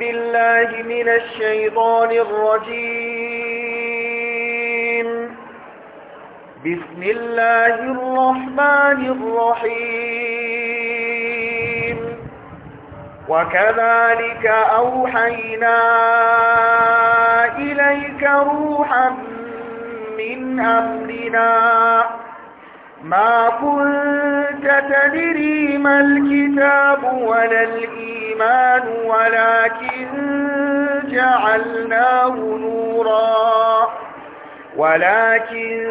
بالله من الشيطان الرجيم بسم الله الرحمن الرحيم وكذلك أوحينا إليك روحا من أمرنا ما كنت تدري ما الكتاب ولا الإيمان ولكن جعلناه نورا ولكن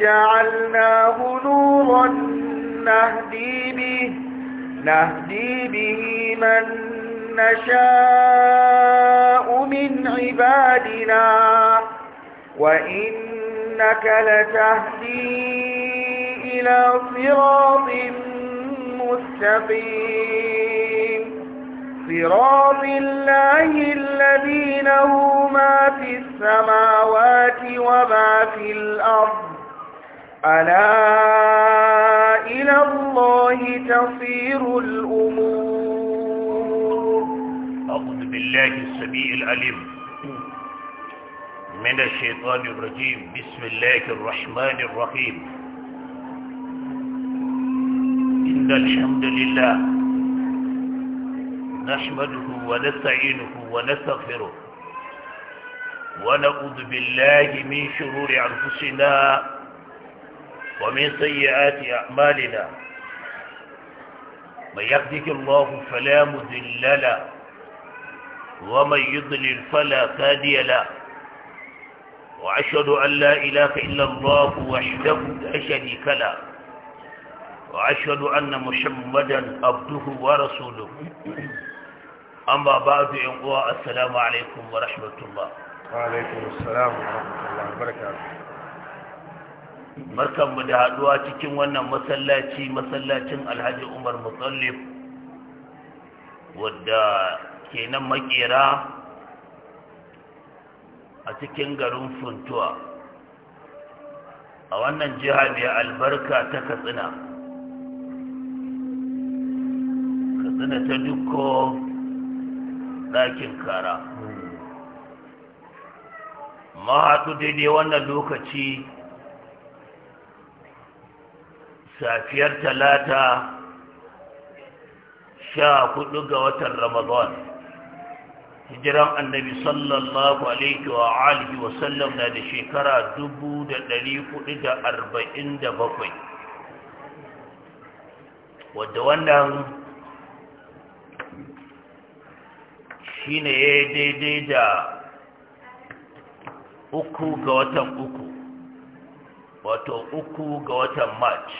جعلناه نورا نهدي به نهدي به من نشاء من عبادنا وإنك لتهدي إلى صراط مستقيم صراط الله الذي له ما في السماوات وما في الأرض ألا إلى الله تصير الأمور أعوذ بالله السميع العليم من الشيطان الرجيم بسم الله الرحمن الرحيم إن الحمد لله نحمده ونستعينه ونستغفره ونعوذ بالله من شرور أنفسنا ومن سيئات أعمالنا من يهدك الله فلا مذل له ومن يضلل فلا هادي له وأشهد أن لا إله إلا الله وحده لا شريك له وأشهد أن محمدا عبده ورسوله أما بعد ينقوى السلام عليكم ورحمة الله وعليكم السلام ورحمة الله وبركاته markan mu da haduwa cikin wannan masallaci masallacin alhaji umar mutsallif wadda ke nan makera a cikin garin funtuwa a wannan jiha mai albarka ta katsina katsina ta dukko ɗakin kara mahaɗu daidai wannan lokaci safiyar talata sha hudu ga watan ramadan hijiran annabi sallallahu alaihi wa alihi wa sallam na da shekara dubu da ɗari hudu da arba'in da bakwai wadda wannan shine ya yi daidai da uku ga watan uku wato uku ga watan march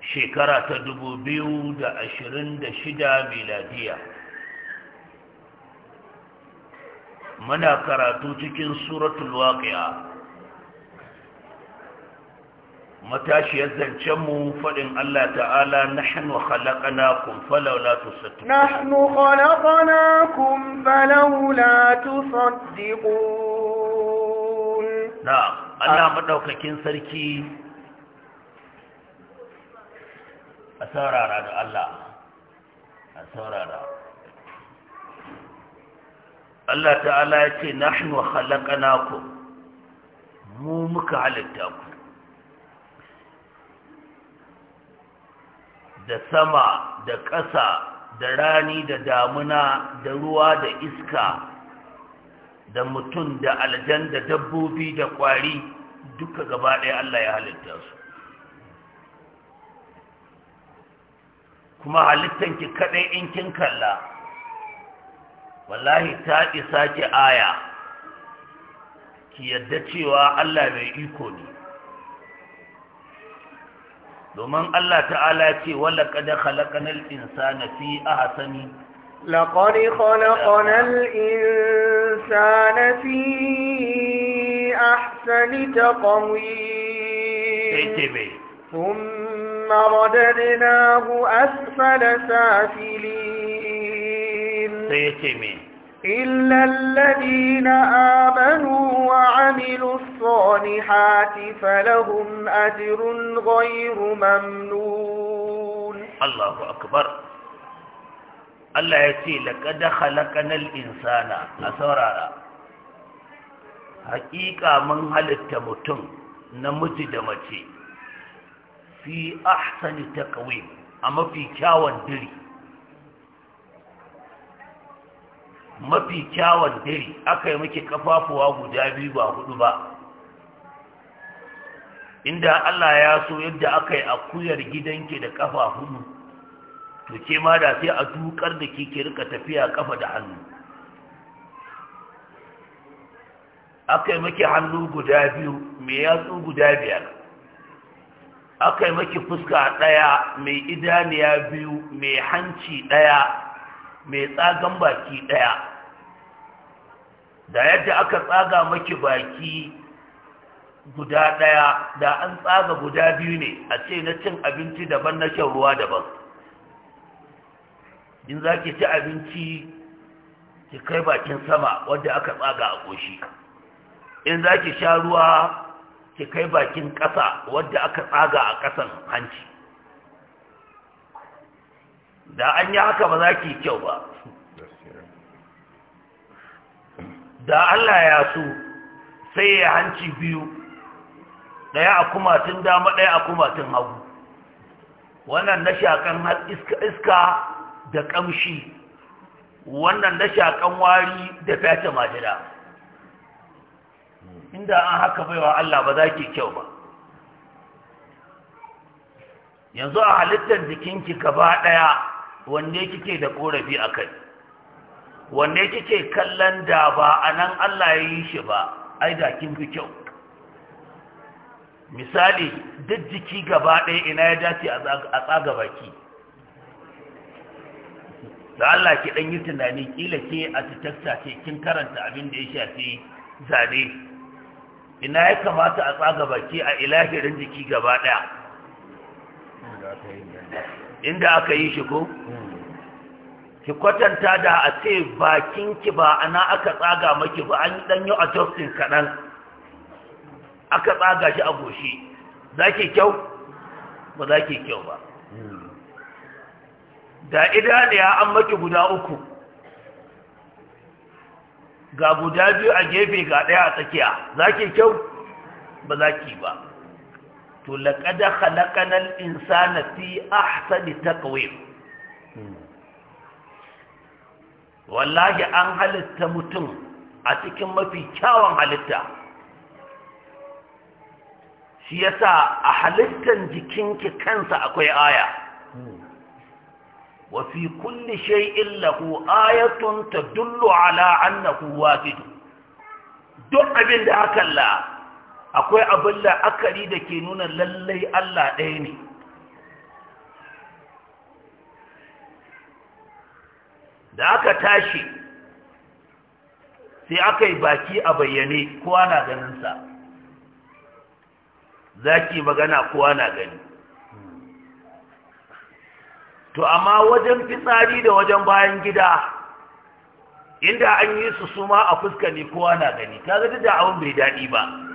shekara ta dubu biyu da ashirin da shida miladiya muna karatu cikin suratul waqi'a matashiyar zancenmu faɗin Allah ta'ala na hannu halakanakum falaula tusaddiqun nahnu khalaqnakum falaula sattu. na Allah Maɗaukakin sarki a saurara da Allah a saurara Allah ta'ala ya ce na nahnu kun, mu muka halitta ku da sama da ƙasa da rani da damuna da ruwa da iska da mutum da aljan da dabbobi da ƙwari duka gaba ɗaya Allah ya halitta su kuma halittanki kaɗai in kin kalla wallahi ta isa ki aya ki yadda cewa Allah mai iko ne domin Allah ta'ala ce wala kada khalaqanal insana fi ahsani laqad khalaqanal insana fi ahsani taqwim ثم رددناه أسفل سافلين سيتمين إلا الذين آمنوا وعملوا الصالحات فلهم أجر غير ممنون الله أكبر الله يتي لقد خلقنا الإنسان أسرارا حقيقة من هل التمتن نمت دمتي في أحسن تقويم أما في كاوان دري mafi kyawun dare aka yi miki kafafuwa guda biyu ba hudu ba inda Allah ya so yadda aka yi akuyar gidanki da kafa hudu to ke ma da sai a dukar da ke ke rika tafiya kafa da hannu aka yi maki hannu guda biyu mai yatsu guda biyar aka yi maki fuska ɗaya mai idaniya biyu mai hanci ɗaya mai tsagan baki ɗaya da yadda aka tsaga maki baki guda ɗaya da an tsaga guda biyu ne a ce na cin abinci daban na shan ruwa daban in za ki ci abinci ki kai bakin sama wadda aka tsaga a ƙoshi in za ki sha ruwa ki kai bakin ƙasa wadda aka tsaga a ƙasan hanci da an yi haka ba za ki kyau ba da Allah ya so sai ya hanci biyu ɗaya a kumatin dama ɗaya a kumatin hagu wannan na shakan iska da ƙamshi wannan na shakan wari da fata majina inda an haka baiwa Allah ba za ki kyau ba yanzu a halittar jikinki gaba ɗaya wanne kike da korafi a kai wanne kike kallon da ba a nan Allah ya yi shi ba ai da kin fi kyau misali duk jiki gaba ɗaya ina ya dace a tsaga baki da Allah ki ɗan yi tunani ƙila ke a ke kin karanta abin da ya shafi zane ina ya kamata a tsaga baki a ilahirin jiki gaba ɗaya inda aka yi shi ko ki kwatanta da a ce bakinki ba ana aka tsaga maki ba an dan yi adjusting kaɗan aka tsaga shi a goshi za ki kyau ba za ki kyau ba da idaniya an maki guda uku ga guda biyu a gefe ga ɗaya a tsakiya za ki kyau ba za ki ba to laƙada halakanar insana fi ahsani takwim wallahi an halitta mutum a cikin mafi kyawun halitta shi yasa a halittan jikinki kansa akwai aya Wafi fi shai shay'in lahu ayatun tadullu ala annahu wahid duk abin da aka la akwai abin da la'akari da ke nuna lallai Allah ɗaya ne da aka tashi sai aka yi baki a bayyane kowa na ganinsa za ki magana kowa na gani to amma wajen fitsari da wajen bayan gida inda an yi su suma a fuska ne kowa na gani ta duk da abin bai daɗi ba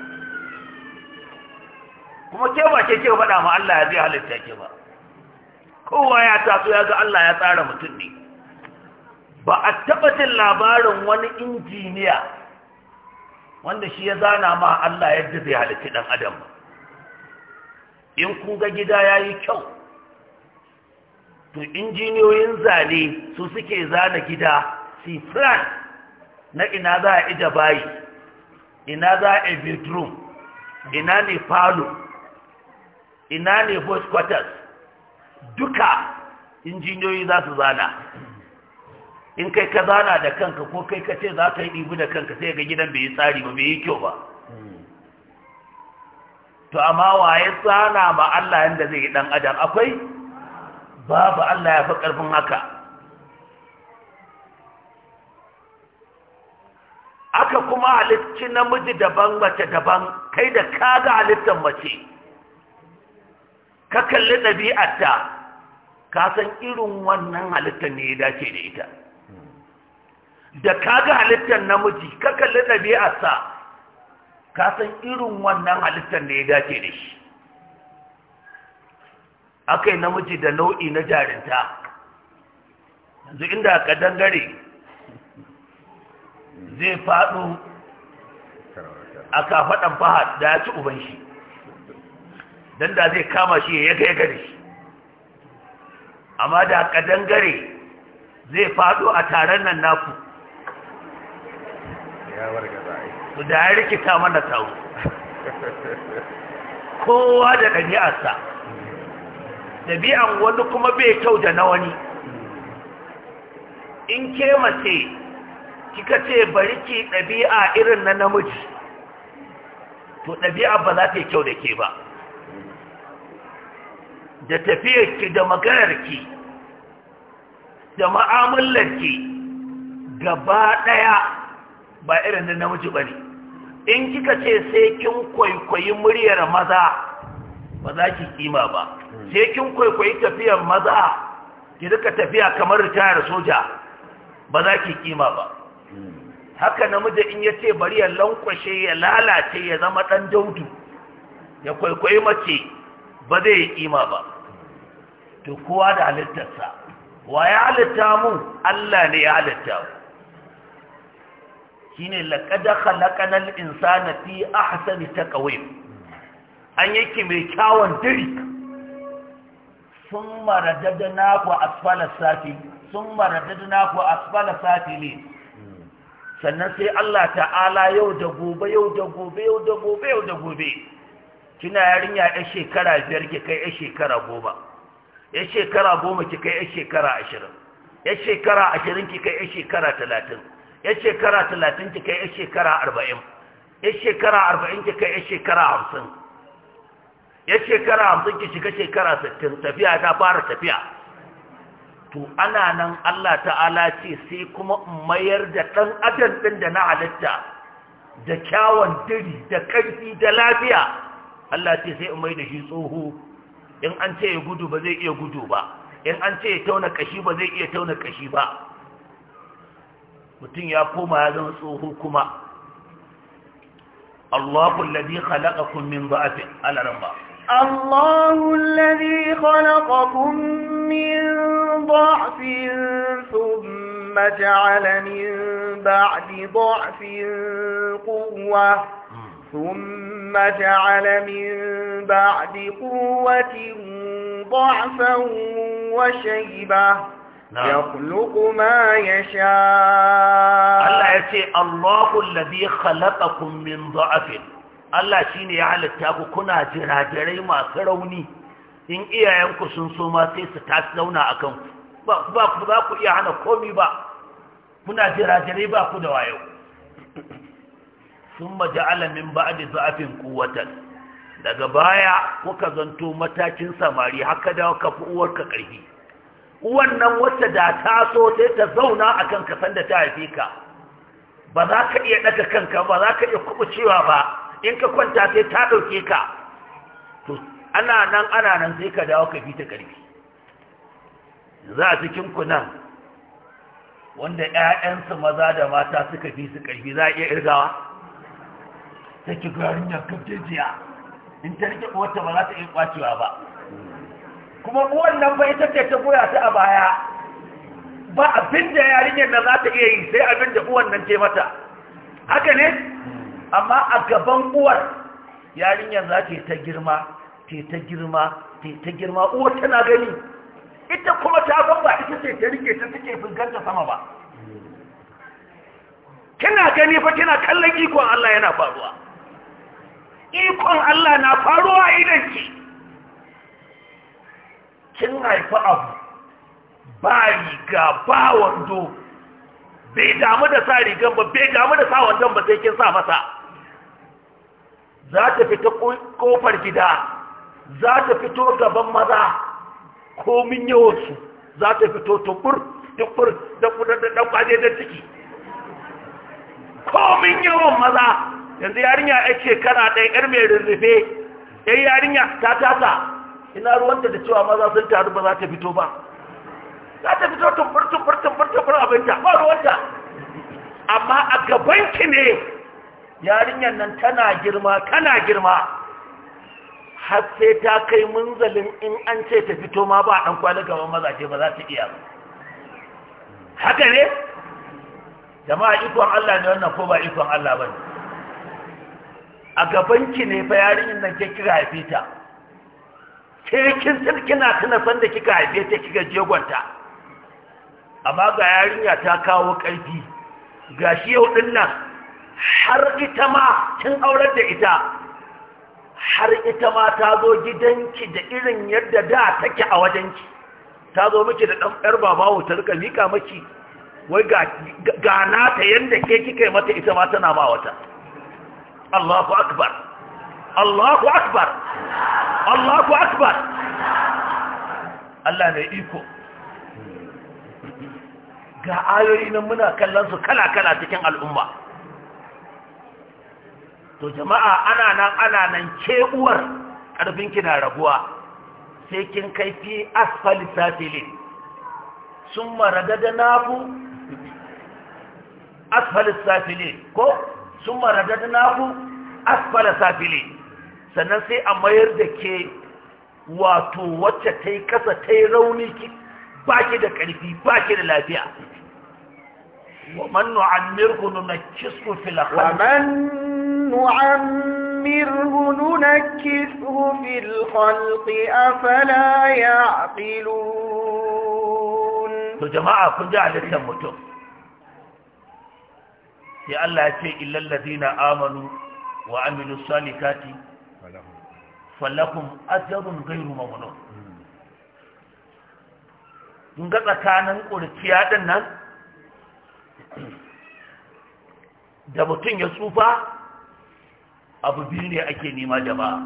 kuma ke ba ke ke faɗa ma Allah ya zai halitta ke ba kowa ya taso ya ga Allah ya tsara mutum ne ba a taɓa jin labarin wani injiniya wanda shi ya zana ma Allah yadda zai halitta ɗan adam ba in kun ga gida ya yi kyau to injiniyoyin zane su suke zana gida si plan na ina za a ija bayi ina za a bedroom ina ne falo ina ne quarters duka injiniyoyi za su zana in kai ka zana da kanka ko kai ka ce za ka yi ɗibi da kanka sai ga gidan bai yi tsari ba bai yi kyau ba to amma waye tsana ma Allah yanda zai yi dan adam akwai babu Allah ya fi karfin haka aka kuma halicci namiji daban mace daban kai da kaga halittar mace ka kalli ɗabi'arta ka san irin wannan halittar ne ya dace da ita da ka ga halittar namiji ka kalli ɗabi'arsa ka san irin wannan halittar ne ya dace da shi aka yi namiji da nau'i na jarinta yanzu inda ka dangare zai faɗo a kafaɗan fahad da ya ci uban shi dan da zai kama shi ya yaga yaga da shi amma da kadangare zai fado a taron nan naku ya da ya rikita mana tawo kowa da ɗabi'arsa ɗabi'an wani kuma bai kyau da na wani in ke mace kika ce bari ki ɗabi'a irin na namiji to ɗabi'a ba za ta yi kyau da ke ba da ki, da ki, da ki, gaba ɗaya ba irin da namiji ba in kika ce sai kin kwaikwayi muryar maza ba za ki kima ba sai kin kwaikwayi tafiyar maza ki duka tafiya kamar ritayar soja ba za ki kima ba haka namiji in ya ce bari ya lankwashe ya lalace ya zama ɗan daudu ya kwaikwayi mace ba zai yi kima ba to kowa da halittarsa wa ya halitta mu Allah ne ya halitta mu shine laqad khalaqanal insana fi ahsani taqwim an yake mai kyawun diri sun maradadana ku asfalar safi sun maradadana ku safi ne. sannan sai Allah ta'ala yau da gobe yau da gobe yau da gobe yau da gobe kina yarinya ɗan shekara biyar ke kai ɗan shekara goma ya shekara goma ki kai ya shekara ashirin ya shekara ashirin ki kai ya shekara talatin ya shekara talatin ki kai ya shekara arba'in ya shekara arba'in ki kai ya shekara hamsin ya shekara hamsin ki shiga shekara sittin tafiya ta fara tafiya to ana nan Allah ta'ala ce sai kuma in mayar da ɗan adam ɗin da na halitta da kyawun diri da ƙarfi da lafiya Allah ce sai in mai da shi tsoho in an ce ya gudu ba zai iya gudu ba in an ce ya tauna kashi ba zai iya tauna kashi ba mutum ya koma ya zama tsoho kuma Allahu alladhi khalaqakum min dha'fin al-arba Allahu alladhi khalaqakum min dha'fin thumma ja'ala min ba'di dha'fin quwwah ثم جعل من بعد قوة ضعفا وشيبة نعم. يخلق ما يشاء الله يتي الله الذي خلقكم من ضعف Allah shi ne ya halitta ku kuna jirajirai masu rauni in iyayenku sun so ma sai su ta zauna a kanku ba ku iya hana komi ba kuna jirajirai ba ku da wayo sun maja'ala min ba'di za'afin quwwatan daga baya kuka zanto matakin samari haka dawo ka fi uwarka ƙarfi wannan wata da ta so sai ta zauna a kan kasan da ta haife ka ba za ka iya ɗaga kanka ba za ka iya cewa ba in ka kwanta sai ta ɗauke ka to ana nan ana nan sai ka dawo ka fi ta ƙarfi za a cikin ku nan wanda 'ya'yansu maza da mata suka fi su ƙarfi za a iya irgawa sai garin ya jiya, in ta rike uwarta ba za ta iya kwacewa ba kuma uwan nan ba ita ce ta goya ta a baya ba abin da yarinyar da za ta iya yi sai abin da uwan nan ce mata haka ne amma a gaban uwar yarinyar za ta ta girma ta ta girma ta ta girma uwar tana gani ita kuma ta ban ba ita ce ta rike ta take fuskanta sama ba kina gani fa kina kallon ikon Allah yana faruwa ikon Allah na faruwa idan ki kin haifi abu ba riga ba wando bai damu da sa rigan ba bai damu da sa wandon ba sai kin sa masa za ta fita kofar gida za ta fito gaban maza ko min yawansu za ta fito tukur tukur da ɗan ƙwaje da ciki min yawan maza yanzu yarinya ya kana ɗaya ƴar mai rurrufe. yan yarinya ta tasa ina ruwanta da cewa maza sun taru ba za ta fito ba za ta fito tumfur tumfur tumfur tumfur abinta ba ruwanta amma a gabanki ne yarinyar nan tana girma tana girma har sai ta kai munzalin in an ce ta fito ma ba dan kwali maza mazaje ba za ta iya ba haka ne jama'a ikon Allah ne wannan ko ba ikon Allah ba ne a gabanki ne fa yarinyar nan ke kika haife ta sai kin san kina tuna san da kika haife ta kika jegonta amma ga yarinya ta kawo ƙarfi gashi yau din nan har ita ma kin aurar da ita har ita ma ta zo gidanki da irin yadda da take a wajenki ta zo miki da ɗan baba babawo ta rika mika miki, wai ga na ta yadda ke kika mata ita ma tana ba wata Allahu akbar Allahu akbar Allahu akbar Allah mai iko ga ayoyi nan muna kallon su kala-kala cikin al'umma to jama'a ana nan ana nan uwar ƙarfinki na raguwa sai kin kai fi asfali safilin sun maragada da nafu asfali safilin ko ثم رددناه أسفل سافلين سننسي أمير دكي واتو واتا تيكسا تيرونيك باكي دك باكي للابيع ومن نعمره ننكسه في الخلق ومن نعمره ننكسه في الخلق أفلا يعقلون تو جماعة كنجا على sai Allah ya ce illal na amanu wa amilus salikati Falakun ajrun gairu mamnun In ga tsakanin ƙur'kiya din nan da mutum ya tsufa abu biyu ne ake nema jama'a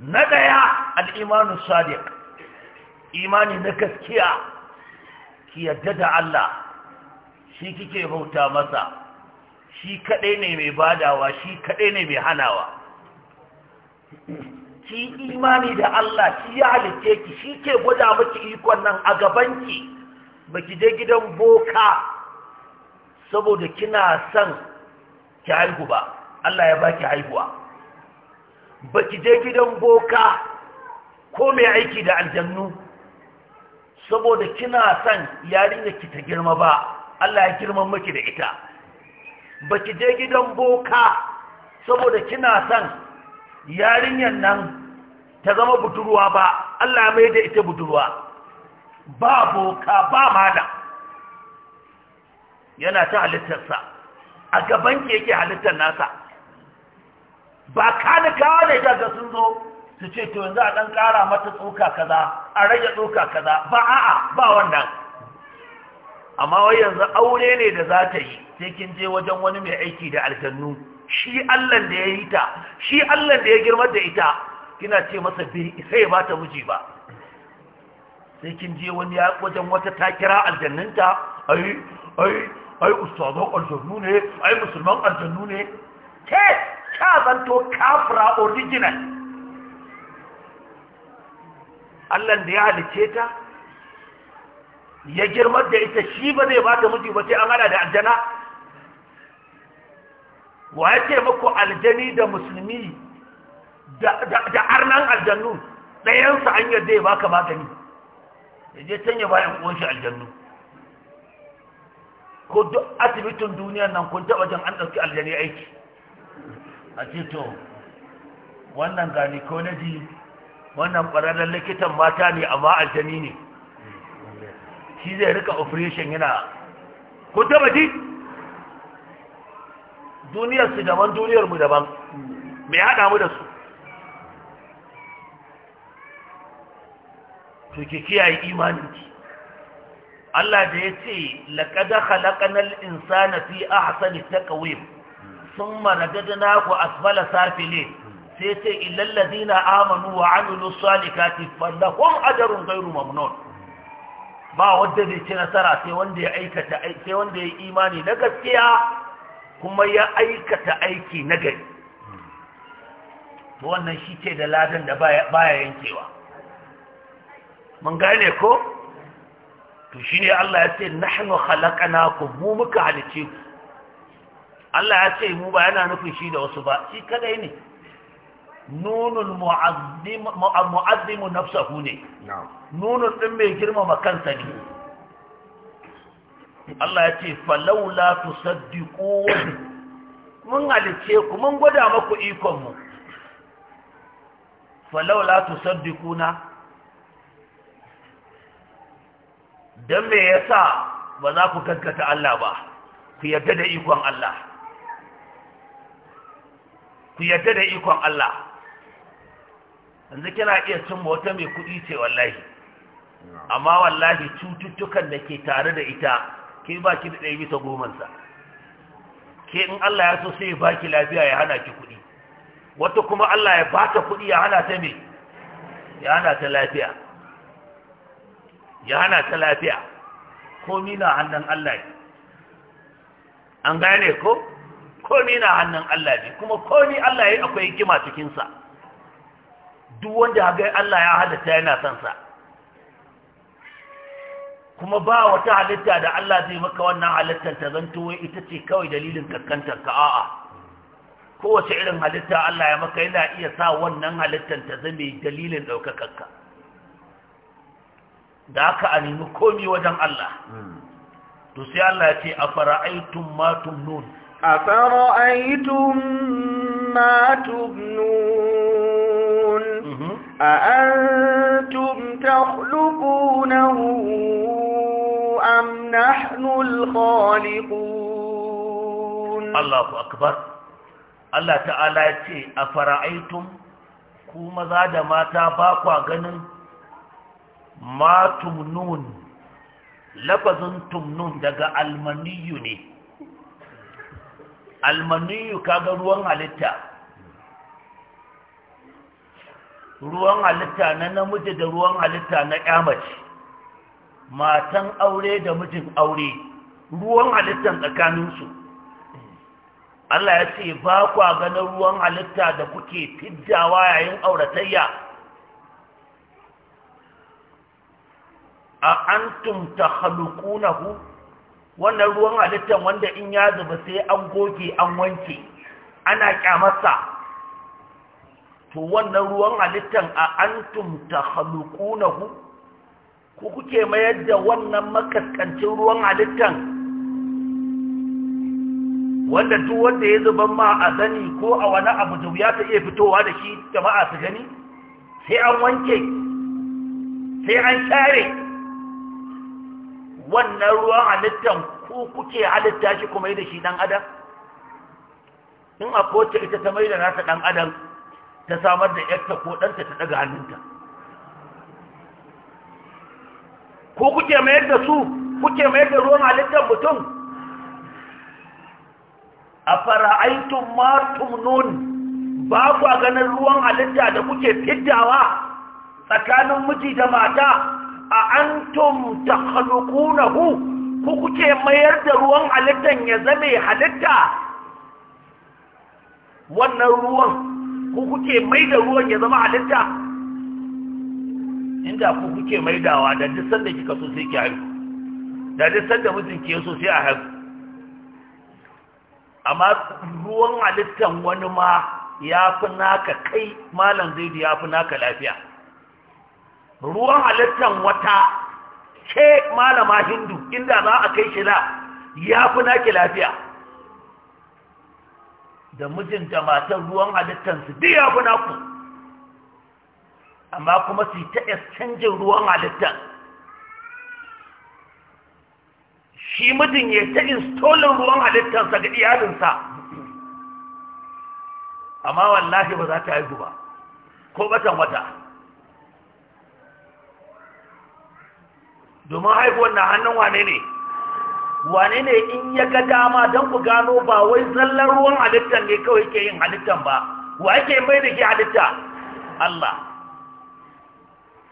na daya al'imanu sadiq imani na gaskiya ki yadda da Allah shi kike bauta masa shi kadai ne mai badawa shi kadai ne mai hanawa ki imani da Allah shi ya halice ki shi ke gwada miki ikon nan a gabanki baki je gidan boka saboda kina son ki haihu ba Allah ya baki haihuwa baki je gidan boka ko mai aiki da aljannu saboda kina son yarinyar ki ta girma ba Allah ya girman miki da ita baki je gidan boka saboda kina son yarinyar nan ta zama budurwa ba Allah ya mai da ita budurwa ba boka ba malam yana ta halittarsa a gaban ki yake halittar nasa ba kana kawo da ita ga sun zo su ce to yanzu a ɗan ƙara mata tsoka kaza a rage tsoka kaza ba a'a ba wannan amma wai yanzu aure ne da za ta yi sai kin je wajen wani mai aiki da aljannu shi Allah da ya yi ta shi Allah da ya girmar da ita kina ce masa bi sai ba ta miji ba sai kin je wani ya wajen wata ta kira aljanninta ai ai ai ustazan aljannu ne ai musulman aljannu ne ke ka zanto kafira original Allah da ya halice ta ya girma da ita shi ba zai ba ta miji ba sai an hada da aljana wa ya ce muku aljani da musulmi da arnan aljannu sa an yadda ya baka magani ya je can ya bayan ƙunshi aljannu ko duk asibitin duniyar nan kun taɓa jan an ɗauki aljani aiki a ce to wannan gani ko na ji wannan ƙwararren likitan mata ne amma aljani ne shi zai rika operation yana ku taba ji duniyar su daban duniyar mu daban mai hada mu da su to ki kiyaye imaninki Allah da ya ce laƙada halaƙanar insana fi a hasani ta ƙawim sun maradada na ku Asbala asfala safile sai ce illallazi na amanu wa amilu salikati fallahun ajarun gairu mamnon ba wadda zai ci nasara sai wanda ya aikata sai wanda ya imani na gaskiya kuma ya aikata aiki na gari to wannan shi ce da ladan da baya yankewa mun gane ko to shine Allah ya ce nahnu khalaqnakum mu muka halice ku Allah ya ce mu ba yana nufin shi da wasu ba shi kadai ne nunul mu'azzimu nafsahu ne nunul din mai girmama kansa ne Allah ya ce falaula tusaddiqu mun halice ku mun gwada maku ikon mu falaula tusaddiquna dan me yasa ba za ku gaggata Allah ba ku da ikon Allah ku yarda da ikon Allah yanzu kina iya cin wata mai kuɗi ce wallahi amma wallahi cututtukan da ke tare da ita ke ba ki da ɗaya bisa gomansa ke in Allah ya so sai ya baki lafiya ya hana ki kuɗi wata kuma Allah ya bata kuɗi ya hana ta mai ya hana ta lafiya ya hana ta lafiya komi na hannun Allah ne an gane ko komi na hannun Allah ne kuma komi Allah ya akwai hikima cikinsa duk wanda ga Allah ya halitta yana son sa kuma ba wata halitta da Allah zai maka wannan halittar ta zanto wai ita ce kawai dalilin kakkantar ka a'a kowace irin halitta Allah ya maka yana iya sa wannan halittar ta zame dalilin daukakar ka da haka a nemi komi wajen Allah to sai Allah ya ce a fara'aitun ma tumnun a fara'aitun ma tumnun أأنتم تخلقونه أم نحن الخالقون الله أكبر الله تعالى يتي أفرأيتم كوما زاد ما تاباكوا غنن ما تمنون lafazin تمنون daga المنيوني المنيو almaniyu kaga ruwan ruwan halitta na namiji da ruwan halitta na mace, matan aure da mijin aure ruwan halittan tsakaninsu Allah ya ce ba kwa ganin ruwan halitta da kuke fiddawa yayin auratayya a antum takhluqunahu wannan ruwan halittan wanda in ya zuba sai an goge an wanke ana kyamarsa to wannan ruwan halittan a antum takhluqunahu ku kuke mayar da wannan makaskancin ruwan halittan wanda duk wanda ya zuban ma a zani ko a wani abu da wuya ta iya fitowa da shi jama'a su gani sai an wanke sai an share wannan ruwan halittan ku kuke halitta shi kuma yi da shi dan adam in akwai ita ta mai da nasa dan adam ta samar da yarta ko ɗanta ta daga hannunta ko kuke mayar da su kuke mayar da ruwan halittar mutum a fara'aitun martum nun ba ku ganin ruwan halitta da kuke fiddawa tsakanin miji da mata a antum ta halukunahu ku kuke mayar da ruwan halittar ya zame halitta wannan ruwan ko kuke mai da ruwan ya zama halitta inda ku kuke maidawa da duk sanda kika so sai ki haihu da duk sanda mijinki ya so sai a haihu amma ruwan halittan wani ma ya fi naka kai malam zaidu ya fi naka lafiya ruwan halittan wata ce malama hindu inda za a kai shi na, ya fi naki lafiya da mijinta matan ruwan halittansu biya guna ku amma kuma su yi ta canjin ruwan halittan shi mijin ya ta installin ruwan halittansa ga iyalinsa amma wallahi ba za ta haihu ba ko batan wata domin haihuwar na hannun wane ne wane ne in ya ga dama don ku gano ba wai zallar ruwan halitta ne kawai ke yin halittan ba wa ake mai da ke halitta Allah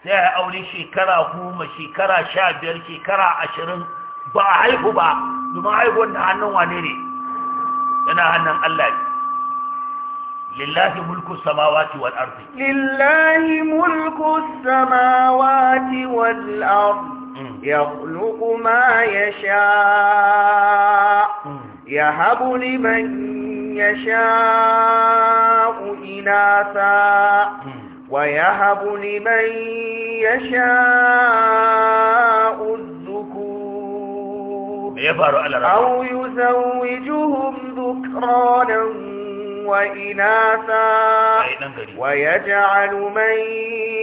sai ya aure shekara goma shekara sha biyar shekara ashirin ba a haihu ba domin haihuwan da hannun wane ne yana hannun Allah ne لله ملك السماوات والأرض لله ملك السماوات والأرض يخلق ما يشاء يهب لمن يشاء إناثا ويهب لمن يشاء الذكور أو يزوجهم ذكرانا وإناثا ويجعل من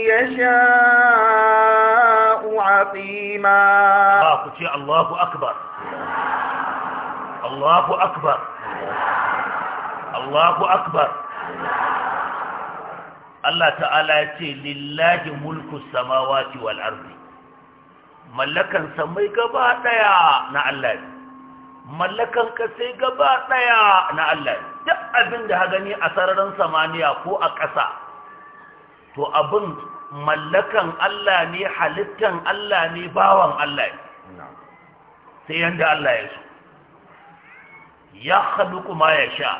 يشاء عقيما الله أكبر الله أكبر الله أكبر الله تعالى لله ملك السماوات والأرض ملكا سمي قبعنا يا نعلان ملكا كسي قبعنا يا نعلان يا abin da gani a sararin samaniya ko a ƙasa to abin mallakan Allah ne halittan Allah ne bawan Allah ne sai yanda Allah ya so ya haluku ma ya sha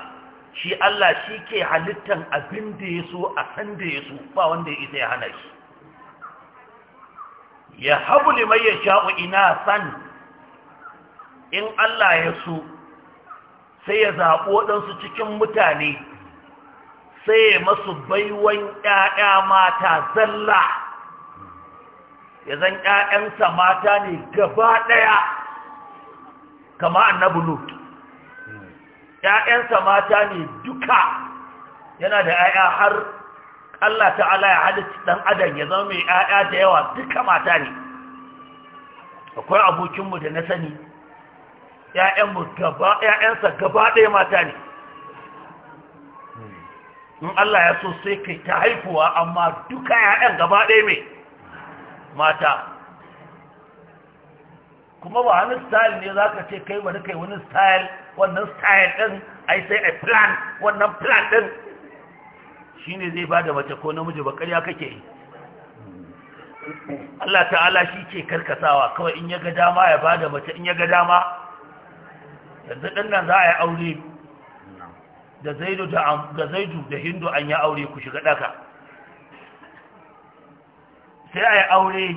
shi Allah shi ke halittan abin da ya so a san da ya so ba wanda ya isa ya hana shi ya habu limai ya sha'u ina san in Allah ya so sai ya zaɓi waɗansu cikin mutane sai ya masu baiwan ‘ya'ya mata zalla ya zan ‘ya'yansa mata ne gaba ɗaya kama na bulu. ‘ya'yansa mata ne duka yana da ‘ya'ya har Allah ta'ala ya halitta ɗan adam ya zama mai ‘ya'ya da yawa duka mata ne akwai abokinmu da na sani ‘ya'yansa gaba ɗaya mata ne in Allah ya so sai kai ta haifuwa amma duka ‘ya'yan gaba ɗaya mai mata kuma ba wani style ne za ce kai wani kai wani style wannan style ɗin ai sai a plan wannan plan ɗin shi ne zai ba mace ko namiji ba ƙarya kake yi Allah ta'ala shi ke karkasawa kawai in ya ga dama ya bada mace in ya ga dama yanzu ɗin nan za a yi aure da zaidu da hindu an yi aure ku shiga daka sai a yi aure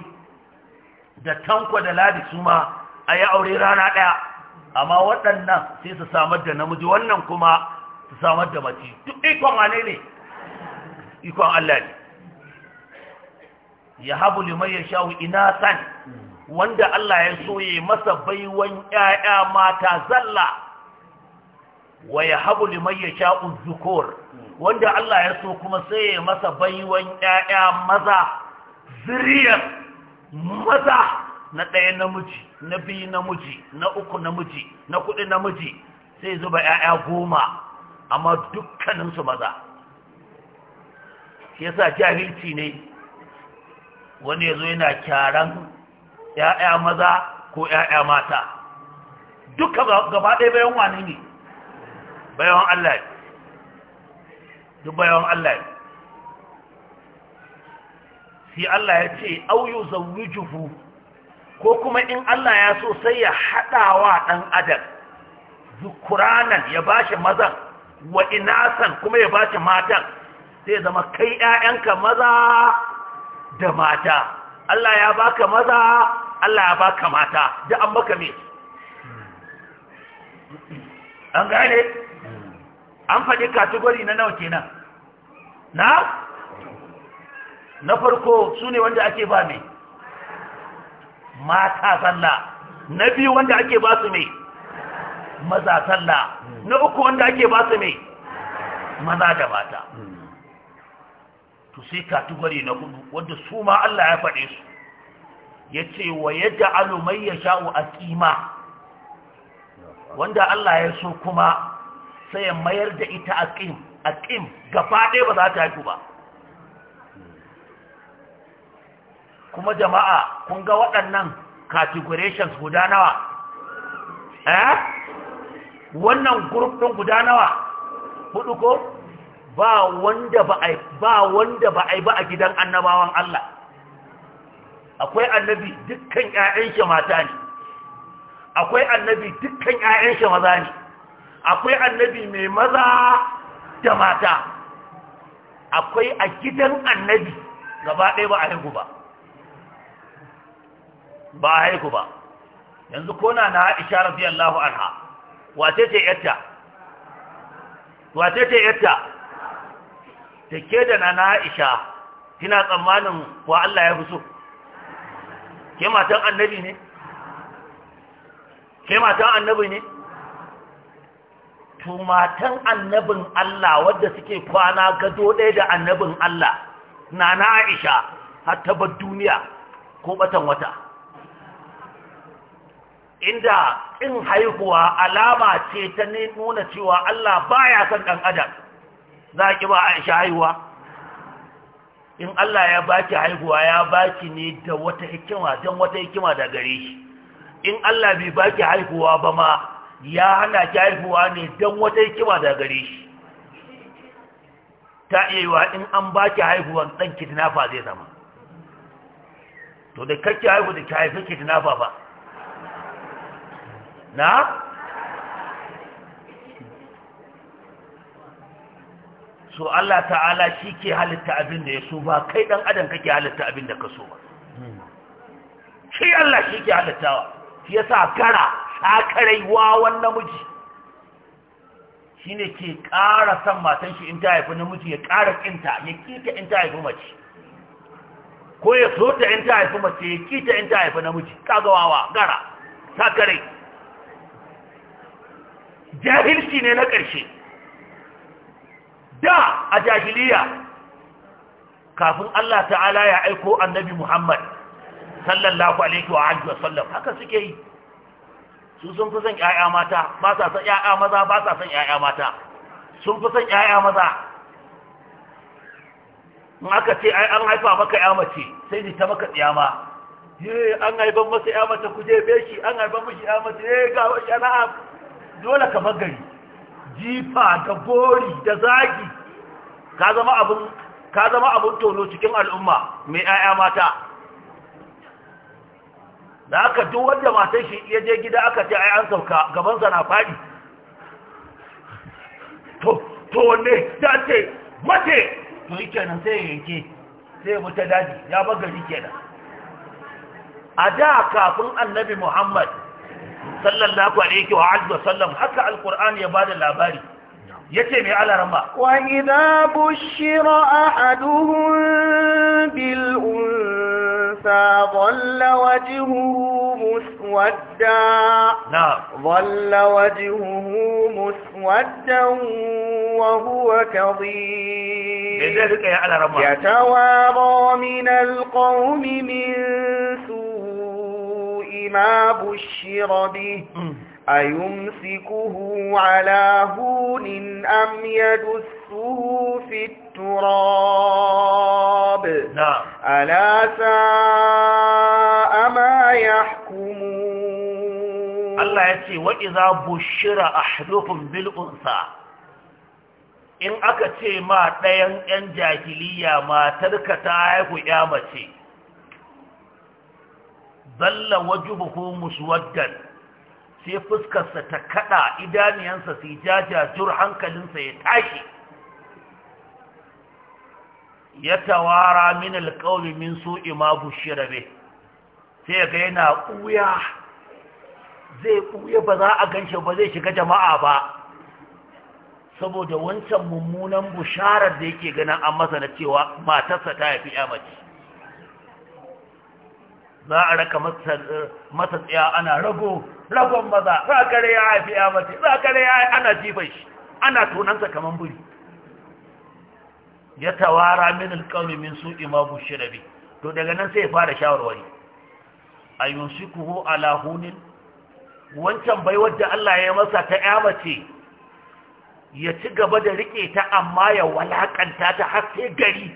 da tanko da ladi su ma a yi aure rana ɗaya amma waɗannan sai su samar da namiji wannan kuma su samar da mace duk ikon wane ne ikon Allah ne ya habu liman ya sha'u ina san wanda Allah ya soye masa baiwan ƴaƴa mata zalla wa yahabu liman yasha'u dhukur wanda Allah ya so kuma sai ya masa baiwan ƴaƴa maza zuriya maza na ɗaya namiji na biyu namiji na uku namiji na kuɗi namiji sai zuba ƴaƴa goma amma dukkaninsu maza shi yasa jahilci ne wani ya zo yana kyaran ya'ya maza ko ya'ya mata duka gaba ɗaya bayan wani ne bayan Allah duk bayan Allah sai Allah ya ce auyu zawwijuhu ko kuma in Allah ya so sai ya wa dan adam zukuranan ya bashi mazan wa inasan kuma ya bashi matan sai zama kai ƴaƴanka maza da mata Allah ya baka maza Allah ya baka mata da an baka me an gane an faɗi kategori na nawa kenan na na farko su ne wanda ake ba mai mata sallah na biyu wanda ake ba su mai maza sallah na uku wanda ake ba su mai maza da mata hmm. to sai kategori na hudu wanda su ma Allah ya faɗe su ya ce wa ya ja'alu mai ya sha'u a ƙima wanda Allah ya so kuma sai ya mayar da ita a ƙim a ƙim gaba ɗaya ba za ta haifu ba kuma jama'a kun ga waɗannan categorations guda nawa eh wannan group ɗin guda nawa hudu ko ba wanda ba a yi ba a gidan annabawan Allah akwai annabi dukkan ƴaƴan shi mata ne akwai annabi dukkan ƴaƴan shi maza ne akwai annabi mai maza da mata akwai a gidan annabi gaba ɗaya ba a haihu ba ba a haihu ba yanzu ko na Aisha radiyallahu anha wace ce yatta wace ce yatta take da na Aisha kina tsammanin wa Allah ya fi so ke matan annabi ne ke matan annabi ne to matan annabin Allah wadda suke kwana gado ɗaya da annabin Allah na na Aisha har ta bar duniya ko batan wata inda in haihuwa alama ce ta nuna cewa Allah baya son ɗan adam za ki ba Aisha haihuwa in Allah ya baki haihuwa ya baki ne da wata hikima don wata hikima da gare shi in Allah bai baki haihuwa ba ma ya hana ki haihuwa ne don wata hikima da gare shi ta iya yiwa in an baki haihuwan ɗan kidnafa zai zama to da kake haihu da ki haifi kidnafa ba na so Allah ta'ala shi ke halitta abin da ya so ba kai ɗan adam kake halitta abin da ka so ba shi Allah shi ke halittawa shi yasa kara sakarai wawan namiji shine ke ƙara san matan shi in ta haifi namiji ya ƙara ƙinta ya kita in ta haifi mace ko ya so ta in ta haifi mace ya kita in ta haifi namiji kaga wawa gara sakarai jahilci ne na ƙarshe da a jahiliya kafin Allah ta'ala ya aiko annabi Muhammad sallallahu alaihi wa alihi wasallam haka suke yi su sun fi son ƴaƴa mata ba sa son ƴaƴa maza ba sa son ƴaƴa mata sun fi son ƴaƴa maza in aka ce ai an haifa maka ƴa mace sai ni ta maka tsiyama ye an haifa masa ƴa mace kuje be shi an haifa mishi ƴa mace eh ga ana dole ka magari gari jifa da bori da zagi ka zama abin ka tono cikin al'umma mai 'ya'ya mata da aka duk wanda matan shi ya je gida aka ce ai an sauka gabansa na faɗi to to wanne da ce mace to yi kenan sai yanke sai ya mutu daji ya bagari kenan a da kafin annabi muhammad صلى الله عليه وعز وسلم حتى القرآن يباد العباري يتمي على رما وإذا بشر أحدهم بالأنثى ظل وجهه مسودا نعم ظل وجهه مسودا وهو كظيم يتوارى من القوم من سوء ما بشر به أيمسكه على هون أم يدسه في التراب نعم ألا ساء ما يحكمون الله يتي وإذا بشر أحدهم بالأنثى in aka ce ma ɗayan ‘yan jahiliya matarka ta haihu ya mace’ zalla wajubuhu muswaddan sai fuskarsa ta kada idaniyansa sai jajajur hankalinsa ya tashi ya tawara min alƙauli min su'i ma bushirabe sai ga yana ɓuya zai ɓuya ba za a ganshi ba zai shiga jama'a ba saboda wancan mummunan busharar da yake ganin an masa na cewa matarsa ta haifi ya mace za a raka masa tsaya ana rago ragon maza za kare ya haifi ya mace za a kare ya ana jifan shi ana tunanta kamar buri ya tawara min alƙawmi min su imamu shirabi to daga nan sai ya fara shawarwari a yunsiku a lahunin? wancan bai wadda Allah ya masa ta ya mace ya ci gaba da rike ta amma ya walaƙanta ta har sai gari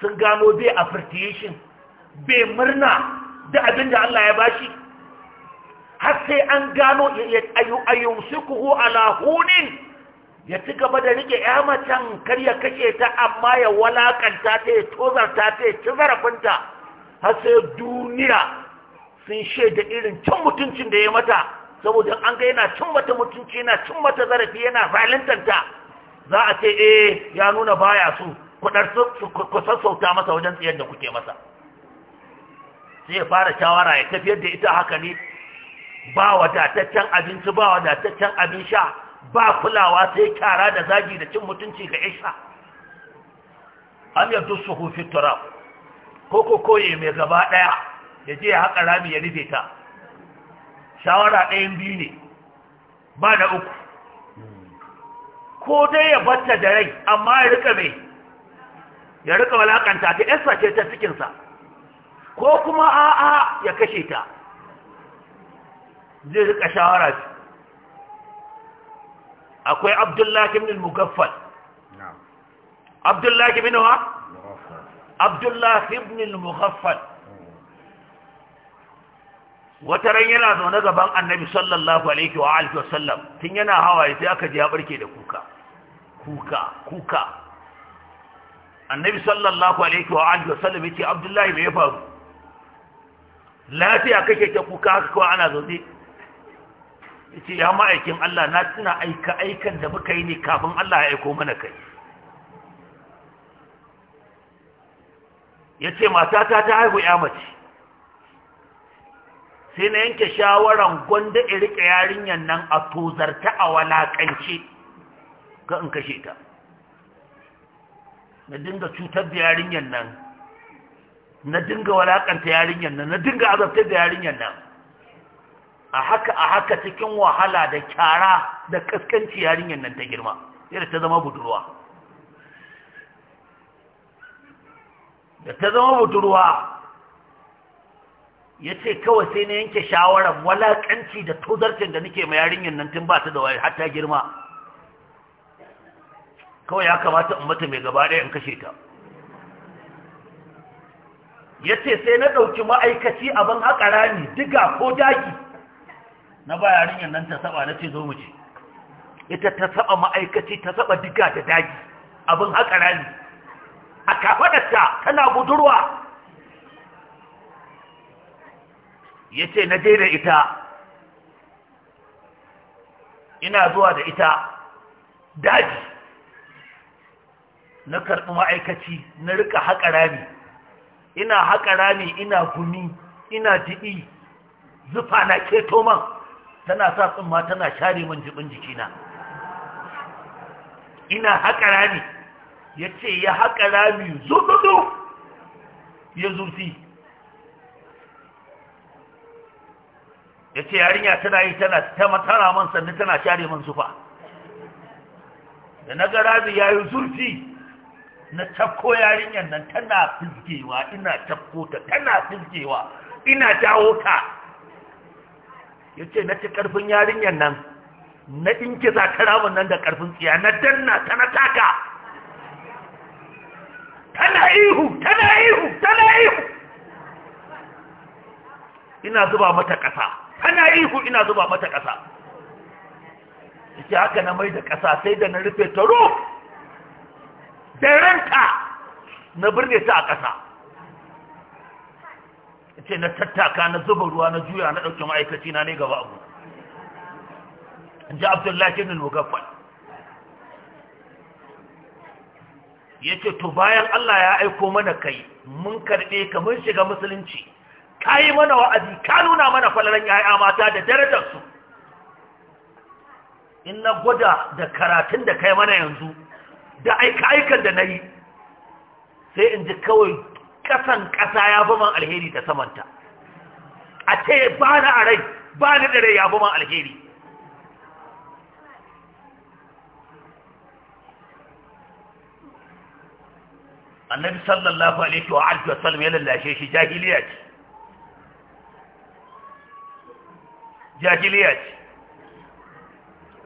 sun gano bai appreciation bai murna da abin da Allah ya bashi har sai an gano ayyumsikuhu ala hunin ya ci gaba da rike ya matan, kar kashe ta amma ya walakanta ta ya tozarta ta ya ci zarafinta har sai duniya sun shaida irin cin mutuncin da ya mata saboda an ga yana cin mata mutunci yana cin mata zarafi yana zalintanta za a ce eh ya nuna baya su ku sassauta masa wajen tsayar da kuke masa sai ya fara shawara ya tafiyar da ita haka ne ba wadataccen abinci ba wadataccen abin sha ba kulawa sai kyara da zagi da cin mutunci ga isha am yadda su hufi turab ko ko koye mai gaba ɗaya ya je ya haƙa rami ya rufe ta shawara ɗayan biyu ne ba da uku ko dai ya batta da rai amma ya rika mai ya rika walakanta ta yasa ce ta cikinsa ko kuma a'a ya kashe ta zai rika shawara ce akwai abdullahi ibn al mukaffal abdullahi ibn wa abdullahi ibn al mukaffal wata ran yana zaune gaban annabi sallallahu alaihi wa alihi wa sallam tun yana hawaye sai aka ji ya barke da kuka kuka kuka annabi sallallahu alaihi wa alihi wa sallam yace abdullahi me ya faru lafiya kake ta kuka haka kawai ana zaune ce ya ma'aikin Allah na tuna aika aikan da muka yi ne kafin Allah ya aiko mana kai ya ce matata ta haihu ya mace sai na yanke shawaran gwanda irika yarinyar nan a tozarta a walakance ga in kashe ta na dinga cutar da yarinyar nan na dinga walakanta yarinyar nan na dinga azabtar da yarinyar nan a haka a haka cikin wahala da kyara da kaskanci yarinyar nan ta girma yadda ta zama budurwa da ta zama budurwa ya ce kawai sai na yanke shawarar walakanci da tozarcin da nake ma yarinyar nan tun ba ta da wayar har girma kawai ya kamata in mata mai gaba ɗaya in kashe ta ya ce sai na ɗauki ma'aikaci abin haƙa rami diga ko dagi na ba yan nan ta saba na ce zo mu ce ita ta saba ma'aikaci ta saba diga da dagi abin haƙa rami a kafaɗarta tana budurwa ya ce na je da ita ina zuwa da ita daji na karɓi ma'aikaci na rika haƙa rami ina haƙa rami ina gumi ina jiɗi zufa na keto man tana sa tsumma tana share man jibin jikina ina haƙa rami ya ce ya haƙa rami zuɗuɗu ya zurfi ya ce yarinya tana yi tana ta matara man sannu tana share man zufa da na ga rami ya yi zurfi na tafko yarinyar nan tana fizgewa ina tafko ta tana fizgewa ina dawo ta ya ce na ci ƙarfin yarinyar nan na za ta zakaramun nan da ƙarfin tsiya na danna ta na taka tana ihu tana ihu tana ihu ina zuba mata ƙasa tana ihu ina zuba mata ƙasa ya ce haka na mai da ƙasa sai da na rufe ta rufe. da na birne ta a ƙasa ce na tattaka na zuba ruwa na juya na ɗauke ma'aikaci na ne gaba abu in ji abdullahi bin mugaffal ya ce to bayan allah ya aiko mana kai mun karɓe ka mun shiga musulunci ka yi mana wa'azi ka nuna mana falalan ya'ya mata da darajarsu in na gwada da karatun da kai mana yanzu da aika-aikan da na yi sai in ji kawai kasan kasa ya fi man alheri ta samanta a ce ba na a rai ba na da rai ya fi man alheri annabi sallallahu alaihi wa alihi wa sallam ya lallashe shi jahiliya ce jahiliya ce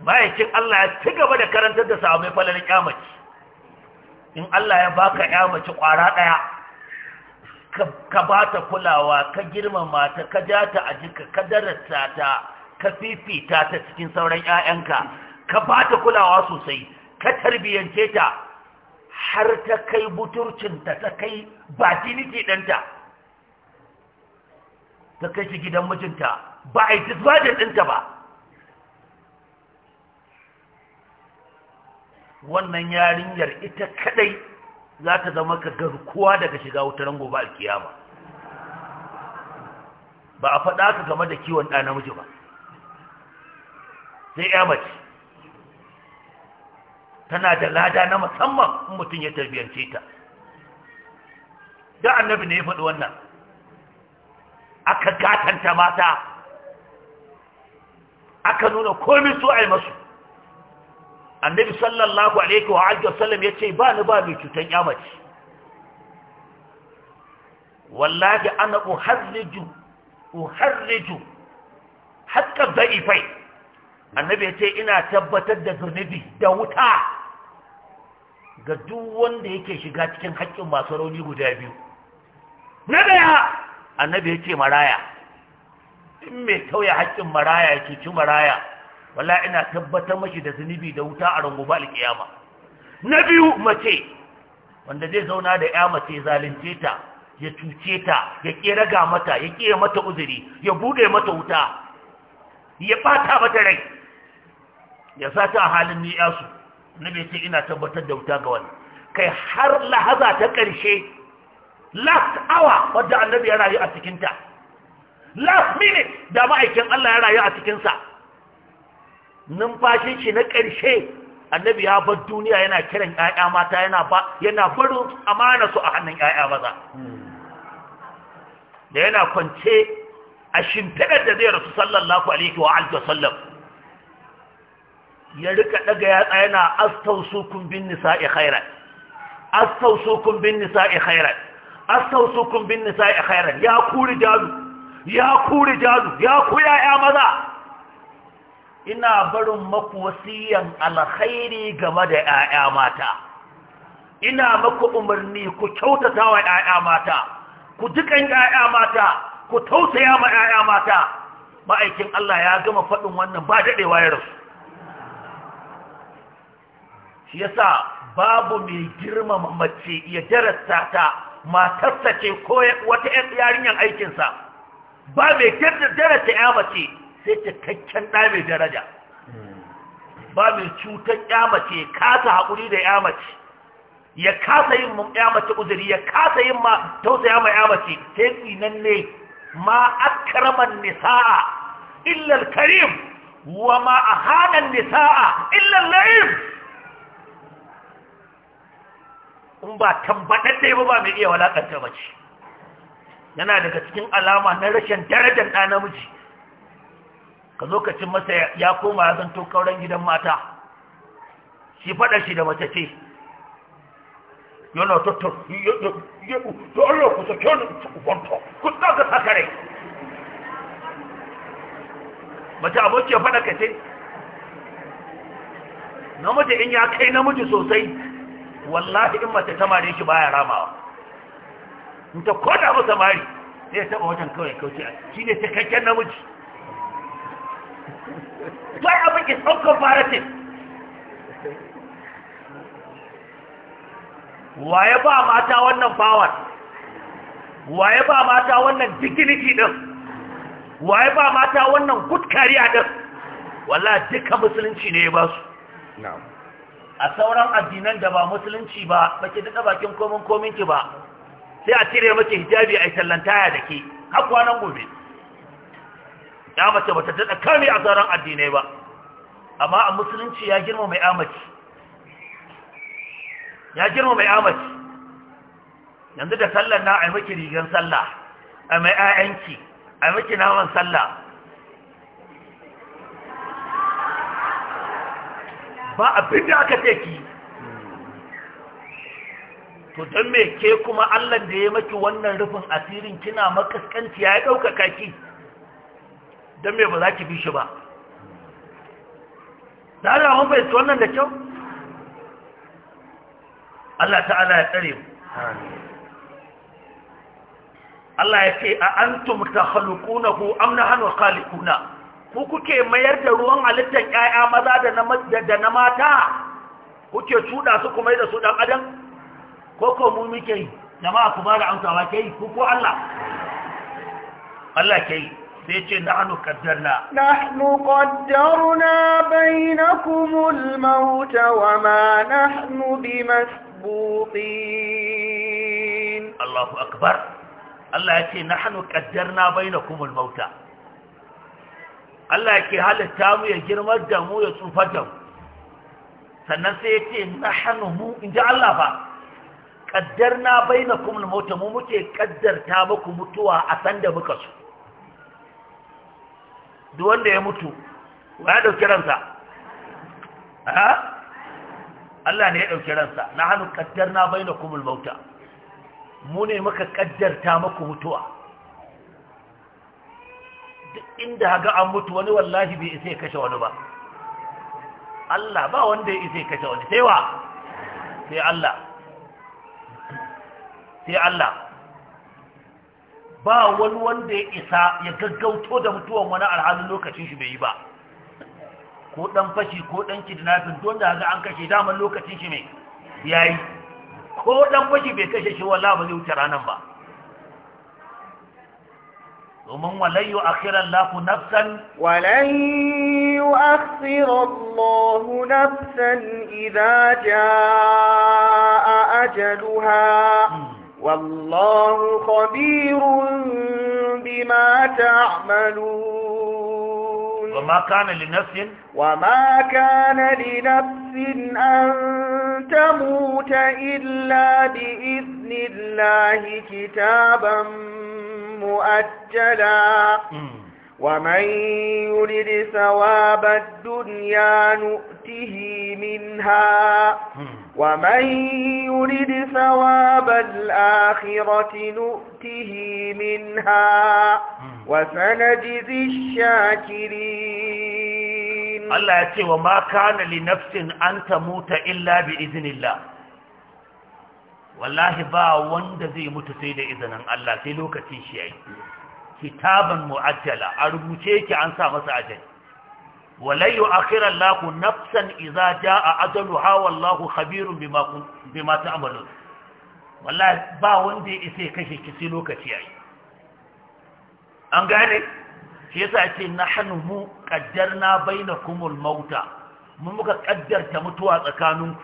bayan Allah ya ci gaba da karantar da sahabbai falon kyamaci in Allah ya baka ya mace kwara ɗaya? ka ba ta kulawa ka girmama ta ka ja ta a jika ka darasta ta ka fifita ta cikin sauran 'ya'yanka ka ba ta kulawa sosai ka tarbiyyance ta har ta kai buturcinta ta kai batiniki ɗanta ta kai shi gidan mijinta ba a yi tisbajin ɗinta ba wannan yarinyar ita kadai za ta zama ka garkuwa daga shiga wutar gobe alkiyama ba a faɗa ka game da kiwon ɗa namiji ba sai ya mace tana da lada na musamman in mutum ya tarbiyance ta da annabi ne ya faɗi wannan aka gatanta mata aka nuna komi su a yi masu annabi sallallahu alaihi wa alihi wasallam yace ba ni ba mai cutan yamaci wallahi ana uharriju uharriju hakka da'ifai annabi yace ina tabbatar da zunubi da wuta ga duk wanda yake shiga cikin haƙƙin masu rauni guda biyu na daya annabi yace maraya in mai tauya haƙƙin maraya yake ci maraya walla ina tabbatar mashi da zunubi da wuta a ba alkiyama na biyu mace wanda zai zauna da ya mace zalunce ta ya cuce ta ya kera ga mata ya kera mata uzuri ya buɗe mata wuta ya bata mata rai ya sa ta halin ni yasu nabi ce ina tabbatar da wuta ga wani kai har lahaza ta ƙarshe last hour wadda annabi ya rayu a cikinta last minute da ma'aikin Allah ya rayu a cikinsa numfashin shi na ƙarshe annabi ya bar duniya yana kiran ƴaƴa mata yana ba yana barin amana su a hannun ƴaƴa maza da yana kwance a shimfiɗar da zai rasu sallallahu alaihi wa alihi wasallam ya rika daga yatsa yana astausukum bin nisa'i khairan astausukum bin nisa'i khairan astausukum bin nisa'i khairan ya kuri rijalu ya kuri rijalu ya ku ƴaƴa maza ina barin maku wasiyan alkhairi game da 'ya'ya mata ina maku umarni ku kyautata wa 'ya'ya mata ku dukan 'ya'ya mata ku tausaya ma 'ya'ya mata ma'aikin Allah ya gama faɗin wannan ba daɗewa ya rasu shi yasa babu mai girmama mace ya darasta ta matarsa ce ko wata yarinyar aikinsa ba mai darasta ya mace sai cikakken ɗa daraja ba mai cutar ƙyamace ya kasa haƙuri da ƙyamace ya kasa yin ƙyamace uzuri ya kasa yin ma tausaya ma ƴamace sai tsinan ne ma akraman nisa'a illal karim wa ma ahanan nisa'a illal la'im in ba tambatar da ba ba mai iya walakanta mace yana daga cikin alama na rashin darajar ɗa namiji ka zo masa ya koma ya zanto kauren gidan mata shi faɗa shi da mace ce yana tattar to Allah ku sake ni ku kwanta ku tsaka sakare mace aboki ya faɗa kace, ce namiji in ya kai namiji sosai wallahi in mace ta mare shi baya ramawa in ta koda masa mari sai ya taɓa wajen kawai kauce shi ne cikakken namiji to ai abin is uncomparative waye ba mata wannan power waye ba mata wannan dignity din waye ba mata wannan good career din wallahi duka musulunci ne ya ba su na'am a sauran addinan da ba musulunci ba baki daɗa bakin komin kominki ba sai a cire miki hijabi a sallantaya da ke har nan gobe ya mace ba ta daɗa kame a tsaron addinai ba amma a musulunci ya girma mai amaci ya girma mai amaci yanzu da sallar na a maki rigar sallah a mai ayanki a maki naman sallah ba abin da aka teki to don me ke kuma allan da ya maki wannan rufin asirin kina makaskanci ya ɗaukaka ki don me ba za ki bi shi ba da ana mun bai wannan da kyau Allah ta'ala ya tsare mu Allah ya ce a antum takhluqunahu am nahnu khaliquna ku kuke mayar da ruwan halittar ƴaƴa maza da na da na mata kuke cuda su kuma da su dan adam ko ko mu muke jama'a ku ba da amsawa kai ku ko Allah Allah kai sai ce na na. hannu nahnu qaddarna nahnu qaddarna kumul maut wa ma na nahnu bimasbuqin Allahu akbar Allah ya ce na hannu nahnu qaddarna kumul maut Allah ya ke halitta mu ya girmar da mu ya tsufar da mu sannan sai ya ce na hannu mu in inji Allah fa qaddarna kumul maut mu muke kaddarta muku mutuwa a sanda muka so duk wanda ya mutu wa ya dauki ransa Allah ne ya dauki ransa na hannu bai na kumul bauta. mu ne kaddar ta maku mutuwa duk inda haga an mutu wani wallahi bai isa ya kashe wani ba Allah ba wanda ya isa ya kashe wani sai wa sai Allah sai Allah ba wani wanda ya isa ya gaggauto da mutuwan wani alhalin lokacin shi bai yi ba ko dan fashi ko dan kidnapping don da ga an kashe daman lokacin shi mai yayi ko dan fashi bai kashe shi wallahi ba zai wuce ranan ba domin walai yi akhira Allah nafsan walai yi akirar lahu nafsan idza jaa ajaluha hmm. والله خبير بما تعملون وما كان لنفس وما كان لنفس أن تموت إلا بإذن الله كتابا مؤجلا ومن يرد ثواب الدنيا نؤته منها ومن يرد ثواب الآخرة نؤته منها وسنجزي الشاكرين الله يتي وما كان لنفس أن تموت إلا بإذن الله والله با وند زي متسيد إذن الله سيلوك تيشي kitaban mu'ajjala a rubuce yake an sa masa ajali wala Akhirar Allahu nafsan a jaa Hawan wallahu khabirun bima bima ta'malun wallahi ba wanda ya isa kashe ki sai lokaci yayi an gane shi yasa na hannu mu qaddarna kumul mauta mu muka ta mutuwa tsakaninku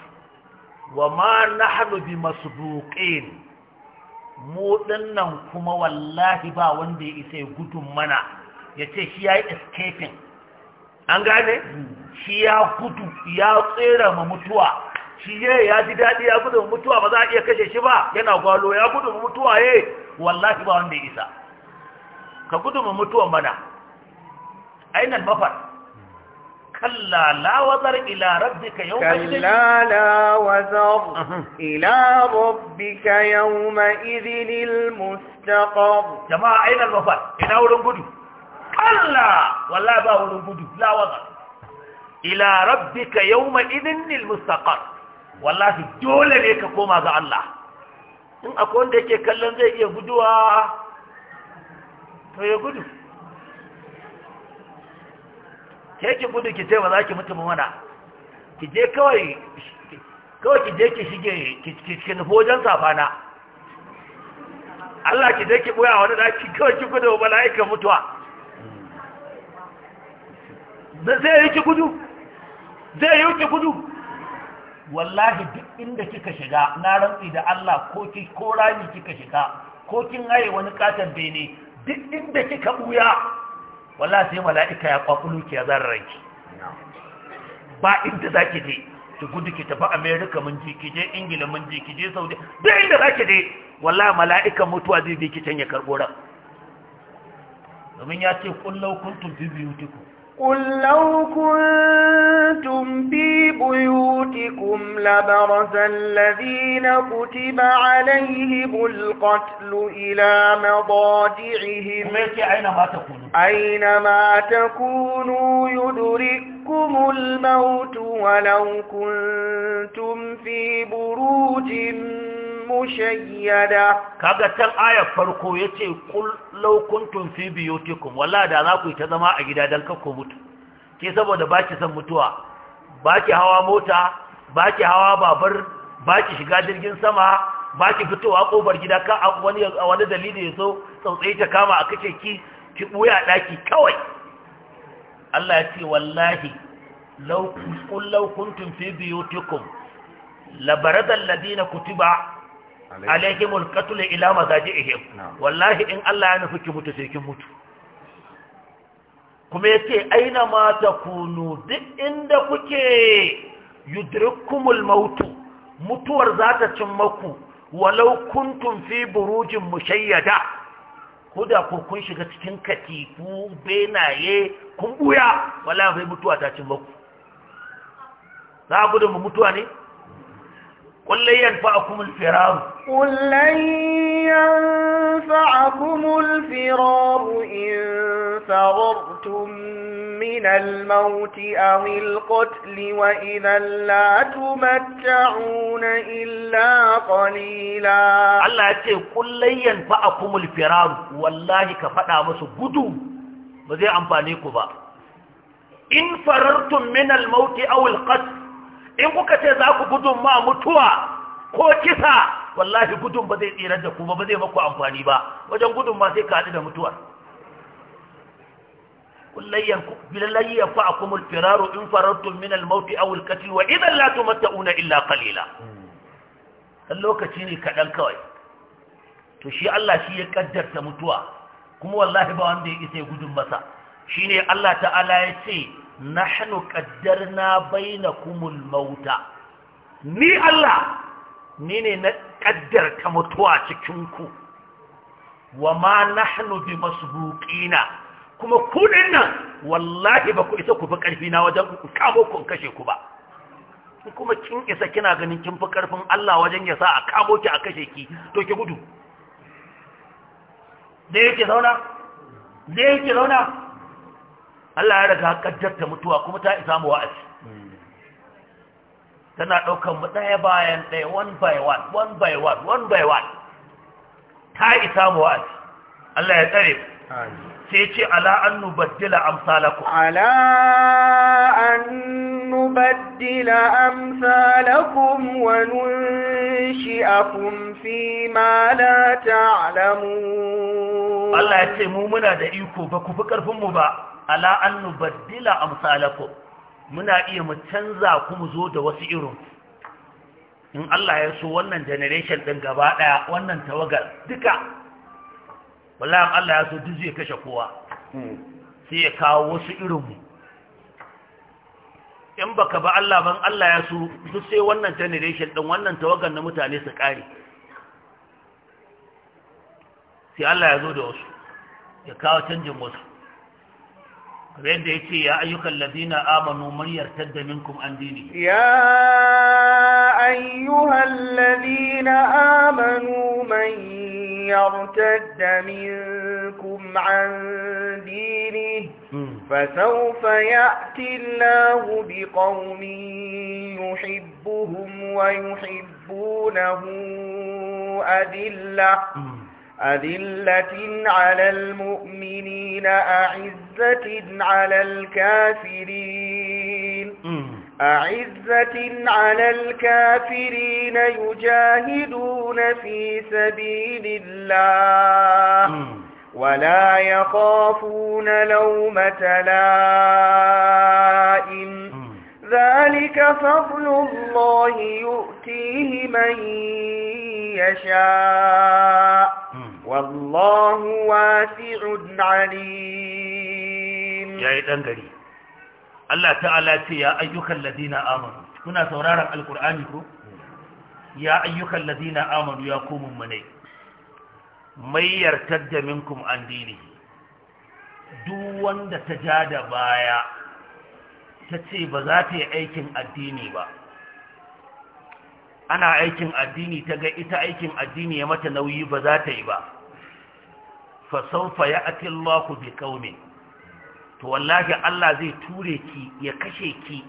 wa ma nahnu bimasbuqin mu nan kuma wallahi ba wanda ya isa ya gudun mana ya ce shi ya yi escaping an gane shi ya gudu ya tsere ma mutuwa shi ye ya ji daɗi ya gudu mutuwa ba za a iya kashe shi ba yana gwalo ya gudu mutuwa ye eh. wallahi ba wanda ya isa ka gudu mutuwa mana ainihin mafar kalla la wazar ila rabbika yawma kalla la wazar ila jama'a aina al wafa ina wurin gudu kalla wallahi ba wurin gudu la wazar ila rabbika yawma idhin al mustaqab wallahi dole ne ka koma ga Allah in akwai wanda yake kallon zai iya guduwa to ya gudu ke ki gudu ki ce ba za ki mutu mana ki je kawai kawai ki je ki shige ki nufi wajen safana Allah ki je ki boya wani daki kawai ki gudu ka mutuwa da zai yi ki gudu zai yi ki gudu wallahi duk inda kika shiga na rantsi da Allah ko ki ko rami kika shiga ko kin haye wani katon bene duk inda kika buya Wala sai mala'ika ya kwakulu ki ya ranki ba inda zaki je ki gudu ki tafi america mun ji ki je ingila mun ji ki je saudi duk inda zaki je wallahi mala'ika mutuwa zai bi ki can ya karbo ran domin ya ce kullau kuntum bi biyutiku kullau kuntum بيوتكم لبرز الذين كتب عليهم القتل إلى مضاجعهم أينما تكونوا يدرككم الموت ولو كنتم في بروج mushayyada kaga can ayar farko yace kul law kuntum fi da za ku ta zama a gida dan ke saboda baki son mutuwa ba ki hawa mota ba ki hawa babur ba ki shiga jirgin sama ba ki fitowa ƙofar gida ka wani wani dalili ya so tsautsayi ta kama a kace ki ki buya daki kawai Allah ya ce wallahi law qul law kuntum fi biyutikum la barada alladhina kutiba alaihimul qatl ila mazajihim wallahi in Allah ya nufi ki mutu sai ki mutu kuma ya ce aina ma ta kunu duk inda kuke yudrikkumul mautu mutuwar za ta cin maku walau kuntum fi burujin mushayyada ko da ko kun shiga cikin katifu benaye kun buya wallahi mutuwa ta cin maku za a gudun mutuwa ne قل لن ينفعكم الفرار قل لن ينفعكم الفرار إن فررتم من الموت أو القتل وإذا لا تمتعون إلا قليلا الله يقول قل لن ينفعكم الفرار والله كفتا مسبتو بذي با إن فررتم من الموت أو القتل in kuka ce za ku gudun ma mutuwa ko kisa wallahi gudun ba zai tsirar da ku ba ba zai maku amfani ba wajen gudun ma sai ka haɗu da mutuwar bilallahi ya a kuma firaru in farartun min almauti awul alqatl wa idan la tumatta'una illa qalila dan lokaci ne kaɗan kawai to shi Allah shi ya kaddarta mutuwa kuma wallahi ba wanda ya isa gudun masa shine Allah ta'ala ya ce nahnu qaddarna bainakumul mauta ni Allah ni ne na ta mutuwa cikin ku wa ma nahnu masbuqina kuma ku dinnan wallahi ba ku isa ku fi karfi na wajen ku kamo ku kashe ku ba kuma kin isa kina ganin kin fi karfin Allah wajen ya sa a kamo ki a kashe ki to ki gudu da yake zauna da yake zauna Allah ya riga kaddarta mutuwa kuma ta isa mu wa'azi tana daukan mu daya bayan ɗaya one by one one by one one by one ta isa mu wa'azi Allah ya tsare mu sai ce ala an nubaddila amsalakum ala an nubaddila amsalakum wa nunshi'akum fi ma la ta'lamun Allah ya ce mu muna da iko ba ku fi karfin mu ba ala an nubaddila amsalakum muna iya mu canza ku mu zo da wasu irin in Allah ya so wannan generation din gaba daya wannan tawagar duka wallahi Allah ya so duk zai kashe kowa hmm. sai ya kawo wasu irin mu in baka ba Allah ban Allah ya so duk sai wannan generation din wannan tawagar na mutane su kare sai Allah ya zo da wasu ya kawo canjin wasu kamar da yake ya ayyukan ladina amanu man yartadda minkum an dini ya ayyuhal ladina amanu man yartadda minkum an dini فسوف يأتي الله بقوم يحبهم ويحبونه أذلة أذلة على المؤمنين أعزة على الكافرين أعزة على الكافرين يجاهدون في سبيل الله ولا يخافون لومة لائم ذلك فضل الله يؤتيه من يشاء wallahu wasi'un alim yayi dan gari Allah ta'ala ce ya ayyukan ladina amanu kuna sauraron alkur'ani ko ya ayyukan ladina amanu ya ku mummunai mai yartar da minkum an dini duk wanda ta ja da baya ta ce ba za ta yi aikin addini ba ana aikin addini ta ga ita aikin addini ya mata nauyi ba za ta yi ba fa sawfa ya'ti Allahu bi qaumin to wallahi Allah zai ture ki ya kashe ki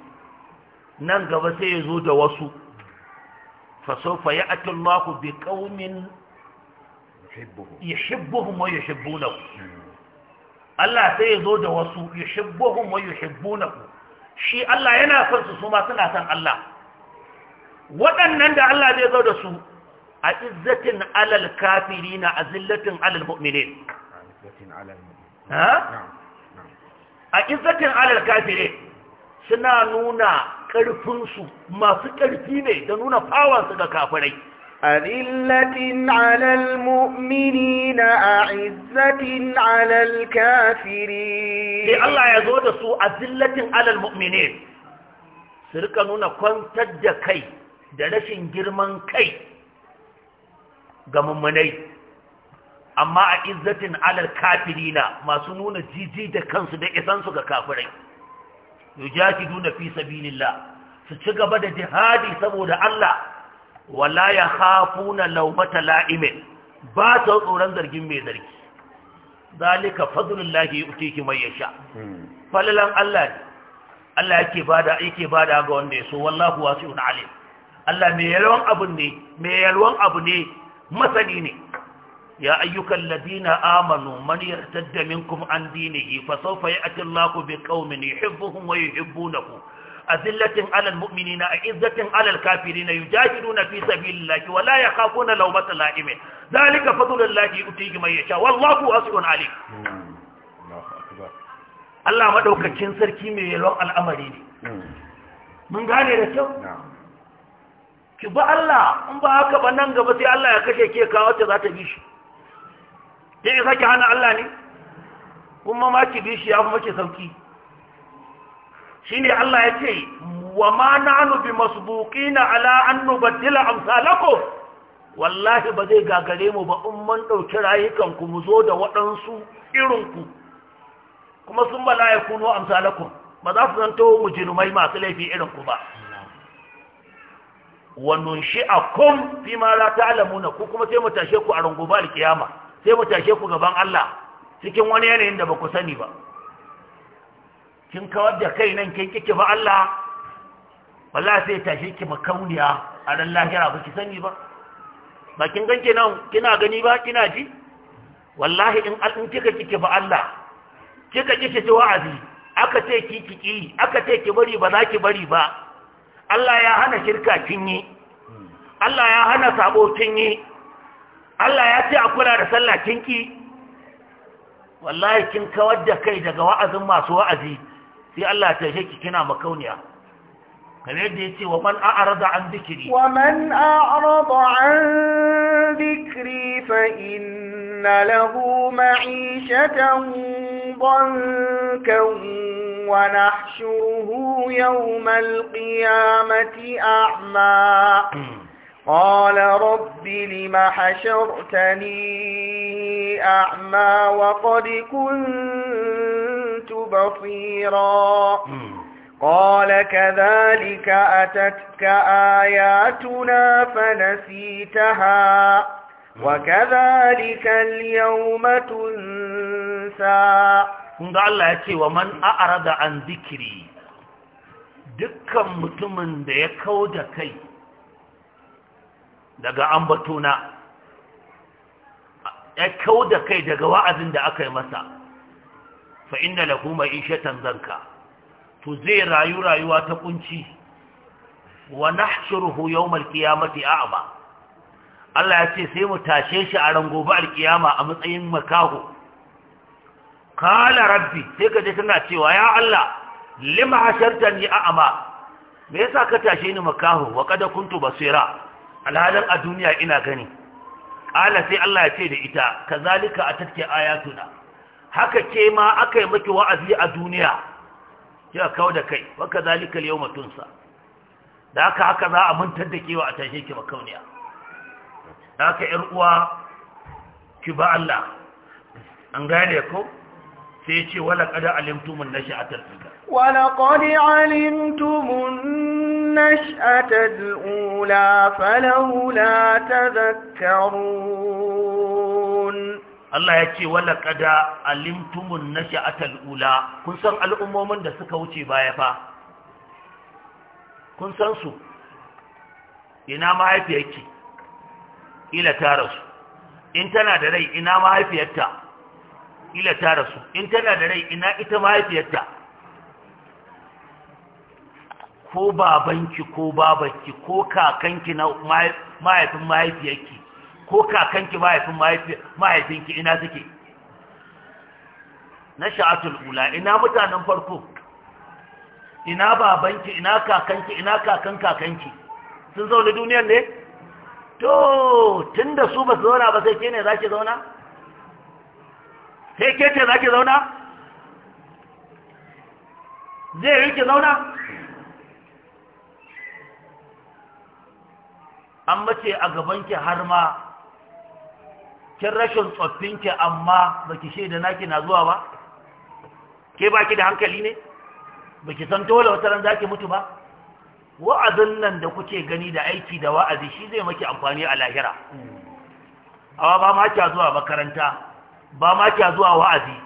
nan gaba sai ya zo da wasu fa sawfa ya'ti Allahu bi ya yuhibbuhum wa yuhibbunahu Allah sai ya zo da wasu yuhibbuhum wa yuhibbunahu shi Allah yana son su su ma suna son Allah waɗannan da Allah zai zo da su a izzatin alal kafiri na a zillatin alal mu'minin a izzatin alal kafiri suna nuna ƙarfinsu masu ƙarfi ne da nuna fawansu ga kafirai أذلة على المؤمنين أعزة على الكافرين في الله يزود سوء أذلة على المؤمنين سرقنون كنت دكي da rashin girman kai ga mummunai amma a izzatin alal na masu nuna jiji da kansu da isansu ga kafirai ja ki duna fi sabilillah su ci gaba da jihadi saboda Allah wala ya hafu na laumata la'imin ba ta tsoron zargin mai zargi zalika fadlullahi yutihi man yasha hmm. falalan Allah Allah yake bada yake bada ga wanda ya so wallahu wani alim Allah mai yalwan abu ne mai yalwan abu ne masani ne ya ayyukan ladina amanu man yartadda minkum an dinihi fa sawfa ya'ti Allahu bi qaumin yuhibbuhum wa yuhibbunahu azillatin 'alal mu'minina a'izzatin 'alal kafirina yujahiduna fi sabilillahi wa la yakhafuna lawmata la'im dhalika fadlullahi yu'tihi man yasha wallahu wasi'un 'alim Allah madaukakin sarki mai yalwan al'amari ne hmm. mun gane da kyau ki ba Allah in ba haka ba nan gaba sai Allah ya kashe ke kawo ta za ta bi shi ke isa ki hana Allah ne kun ma ki bi shi ya kuma ki sauki shine Allah ya ce wa ma nanu bi na ala an nubaddila amsalakum wallahi ba zai gagare mu ba in mun ɗauki rayukan ku mu zo da waɗansu irinku. kuma sun bala ya kuno amsalakum ba za su zanto mujrimai masu laifi irinku ba wa nunshi'akum fi ma la ta'lamuna ku kuma sai mu tashe ku a rungoba alkiyama sai mu tashe ku gaban Allah cikin wani yanayin da baku sani ba kin kawar da kai nan kin kike ba Allah wallahi sai tashe ki makauniya a ran lahira ba ki sani ba ba kin ganke nan kina gani ba kina ji wallahi in in kika kike ba Allah kika kike ci wa'azi aka ce ki kiki aka ce ki bari ba za ki bari ba Allah ya hana shirka kin Allah ya hana sabo kin Allah ya ce a kula da sallah ki wallahi kin kawar da kai daga wa'azin masu wa'azi sai Allah ya tashe ki kina makauniya kamar yadda ya ce wa man a'rada an zikiri wa man a'rada an ذكري فإن له معيشة ضنكا ونحشره يوم القيامة أعمى قال رب لم حشرتني أعمى وقد كنت بصيرا قال كذلك أتتك آياتنا فنسيتها وكذلك اليوم تنسى kun ga Allah ya ce wa man a'arada an zikiri dukkan mutumin da ya kau da kai daga ambatona ya kau da kai daga wa'azin da aka masa fa inna lahu ma'ishatan to zai rayu rayuwa ta kunci wa nahshuruhu yawmal qiyamati a'ma Allah ya ce sai mu tashe shi a ran gobe alkiyama a matsayin makaho qala rabbi sai kaje tana cewa ya Allah lima hashartani a'ma me yasa ka tashe ni makaho wa kada kuntu basira alhalin a duniya ina gani qala sai Allah ya ce da ita kazalika Aya ayatuna haka ke ma yi miki wa'azi a duniya a kawo da kai waka zalika yau matunsa da haka haka za a mantar da kewa a tashe ki makauniya da haka ‘yar uwa ki ba Allah an gane ko sai ce wala kada alimtumun na sha'atar figa wala kada alimtumun na sha'atar ula falaula ta zakarun Allah ya ce wala kada alimtumun nasha'atal ula kun san al'ummomin da suka wuce baya fa kun san su ina mahaifiyarki ila ta rasu in tana da rai ina mahaifiyarta ila ta rasu in tana da rai ina ita mahaifiyarta ko babanki ko babanki ko kakanki na mahaifin mahaifiyarki ko kakanki mahaifin mahaifinki ina suke na sha'atul ula ina mutanen farko ina babanki ina kakanki ina kakan kakanki sun zaune duniyar ne to tun da su ba su zauna ba sai ke ne za ki zauna sai ke ce za ki zauna zai yi ki zauna an mace a gabanki har ma kin rashin tsoffinki amma baki shaida naki na zuwa ba ke baki da hankali ne baki san tole wata ran ki mutu ba wa'azin nan da kuke gani da aiki da wa'azi shi zai maki amfani a lahira awa ba ma kya zuwa makaranta ba ma kya zuwa wa'azi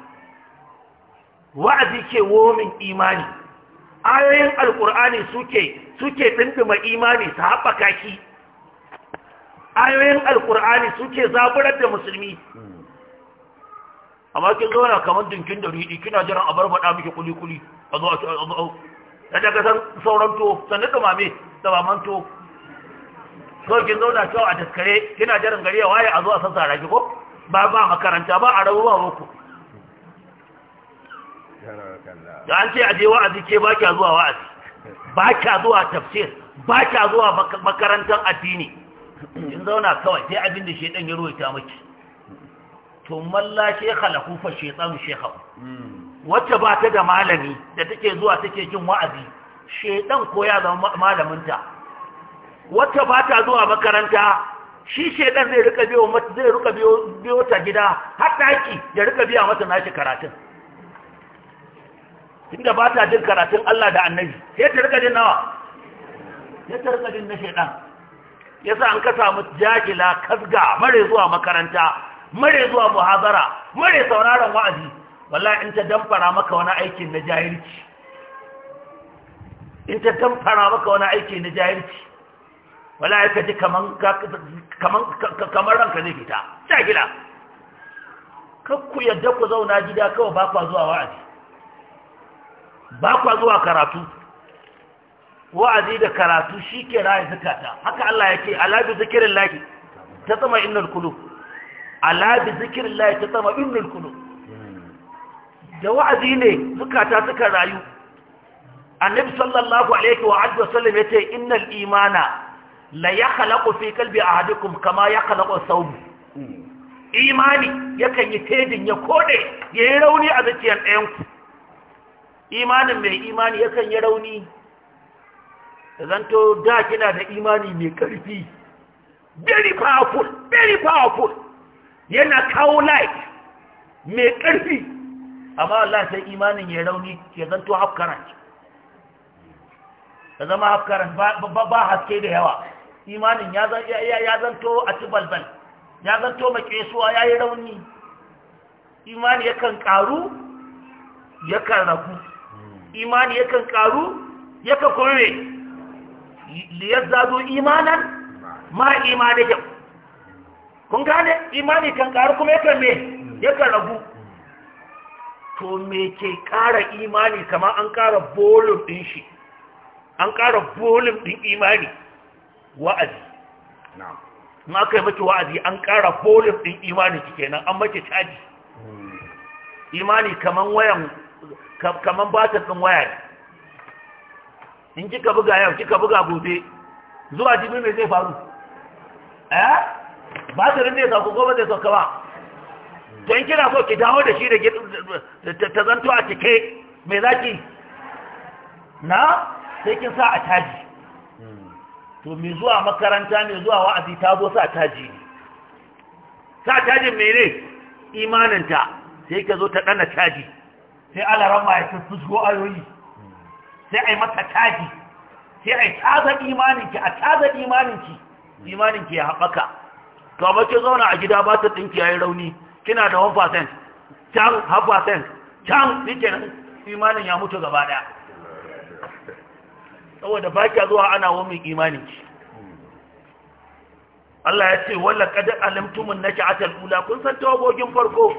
wa'azi ke womin imani ayoyin Alƙur'ani suke suke dindima imani su haɓaka shi ayoyin alkur'ani suke zaburar da musulmi amma kin zo na kamar dinkin da ruɗi kina jiran a bar barbaɗa miki kuli-kuli a zo a zo a da daga san sauran to sannan da mame da maman to so kin zo na cewa a daskare kina jiran gari ya waye a zo a sassara ki ko ba ba makaranta ba a rabu ba boko da an ce a je wa'azi ke ba ki zuwa wa'azi ba ki zuwa tafsir ba ki zuwa makarantar addini in zauna kawai sai abin da shaidan ya ruwaita miki to malla shekha lahu fa shaytanu shekha wacce ba ta da malami da take zuwa take jin wa'azi shaidan ko ya zama malaminta wacce ba ta zuwa makaranta shi shaidan zai rika biyo mata zai rika biyo biyo ta gida har daki ya rika biya mata nashi karatun tunda ba ta jin karatun Allah da Annabi sai ta rika jin nawa sai ta rika jin na shaidan yasa an ka samu jahila kasga mare zuwa makaranta mare zuwa muhazara mare sauraron wa'azi wallahi in ta damfara maka wani aikin na jahilci in ta damfara maka wani aiki na jahilci wallahi ka ji kaman kaman kamar ranka zai fita jahila kakku yadda ku zauna gida kawai ba kwa zuwa wa'azi ba kwa zuwa karatu wa'azi da karatu shi ke raya zukata haka Allah yake ala bi zikirin lahi ta tsama innal qulub ala bi zikirin lahi ta tsama innal qulub da wa'azi ne zukata suka rayu annabi sallallahu alaihi wa alihi wasallam yace innal imana la yakhlaqu fi qalbi ahadikum kama yakhlaqu sawm imani yakan yi tedin ya kode yayin rauni a zuciyar ɗayan ku imanin mai imani yakan yi rauni zanto da kina da imani mai karfi very powerful very powerful yana kawo light mai karfi amma Allah sai imanin ya rauni ke zanto hafkaran current zama hafkaran ba, ba haske da yawa imanin ya zanto a ci balbal ya zanto makesuwa ya yi rauni imani yakan karu yakan ragu imani yakan karu yakan kome liyazzadu imanan ma imani da kun gane imani kan karu kuma yakan me yakan ragu to me ke kara imani kamar an kara bolum din shi an kara bolum din imani wa'azi na'am ma kai mace wa'azi an kara bolum din imani kenan an mace caji hmm. imani kaman wayan kaman batir din waya ne in kika buga yau kika buga gobe zuwa jibi mai zai faru eh ba ta rinne ya ku gobe zai sauka ba don kina so ki dawo da shi da ta a cike mai zaki na sai kin sa a taji to mai zuwa makaranta mai zuwa wa'azi ta zo sa taji ne sa tajin ne imaninta sai ka zo ta ɗana caji. sai alaran ma ya fusko ayoyi sai a yi masa caji sai a yi caza imaninki a caza imaninki imaninki ya haɓaka to amma ke zauna a gida ba ta ɗinki ya yi rauni kina da 1% can percent can nike imanin ya mutu gaba ɗaya saboda ba kya zuwa ana imanin imaninki Allah ya ce walla kada alimtumun na sha'atar ula kun san tawagogin farko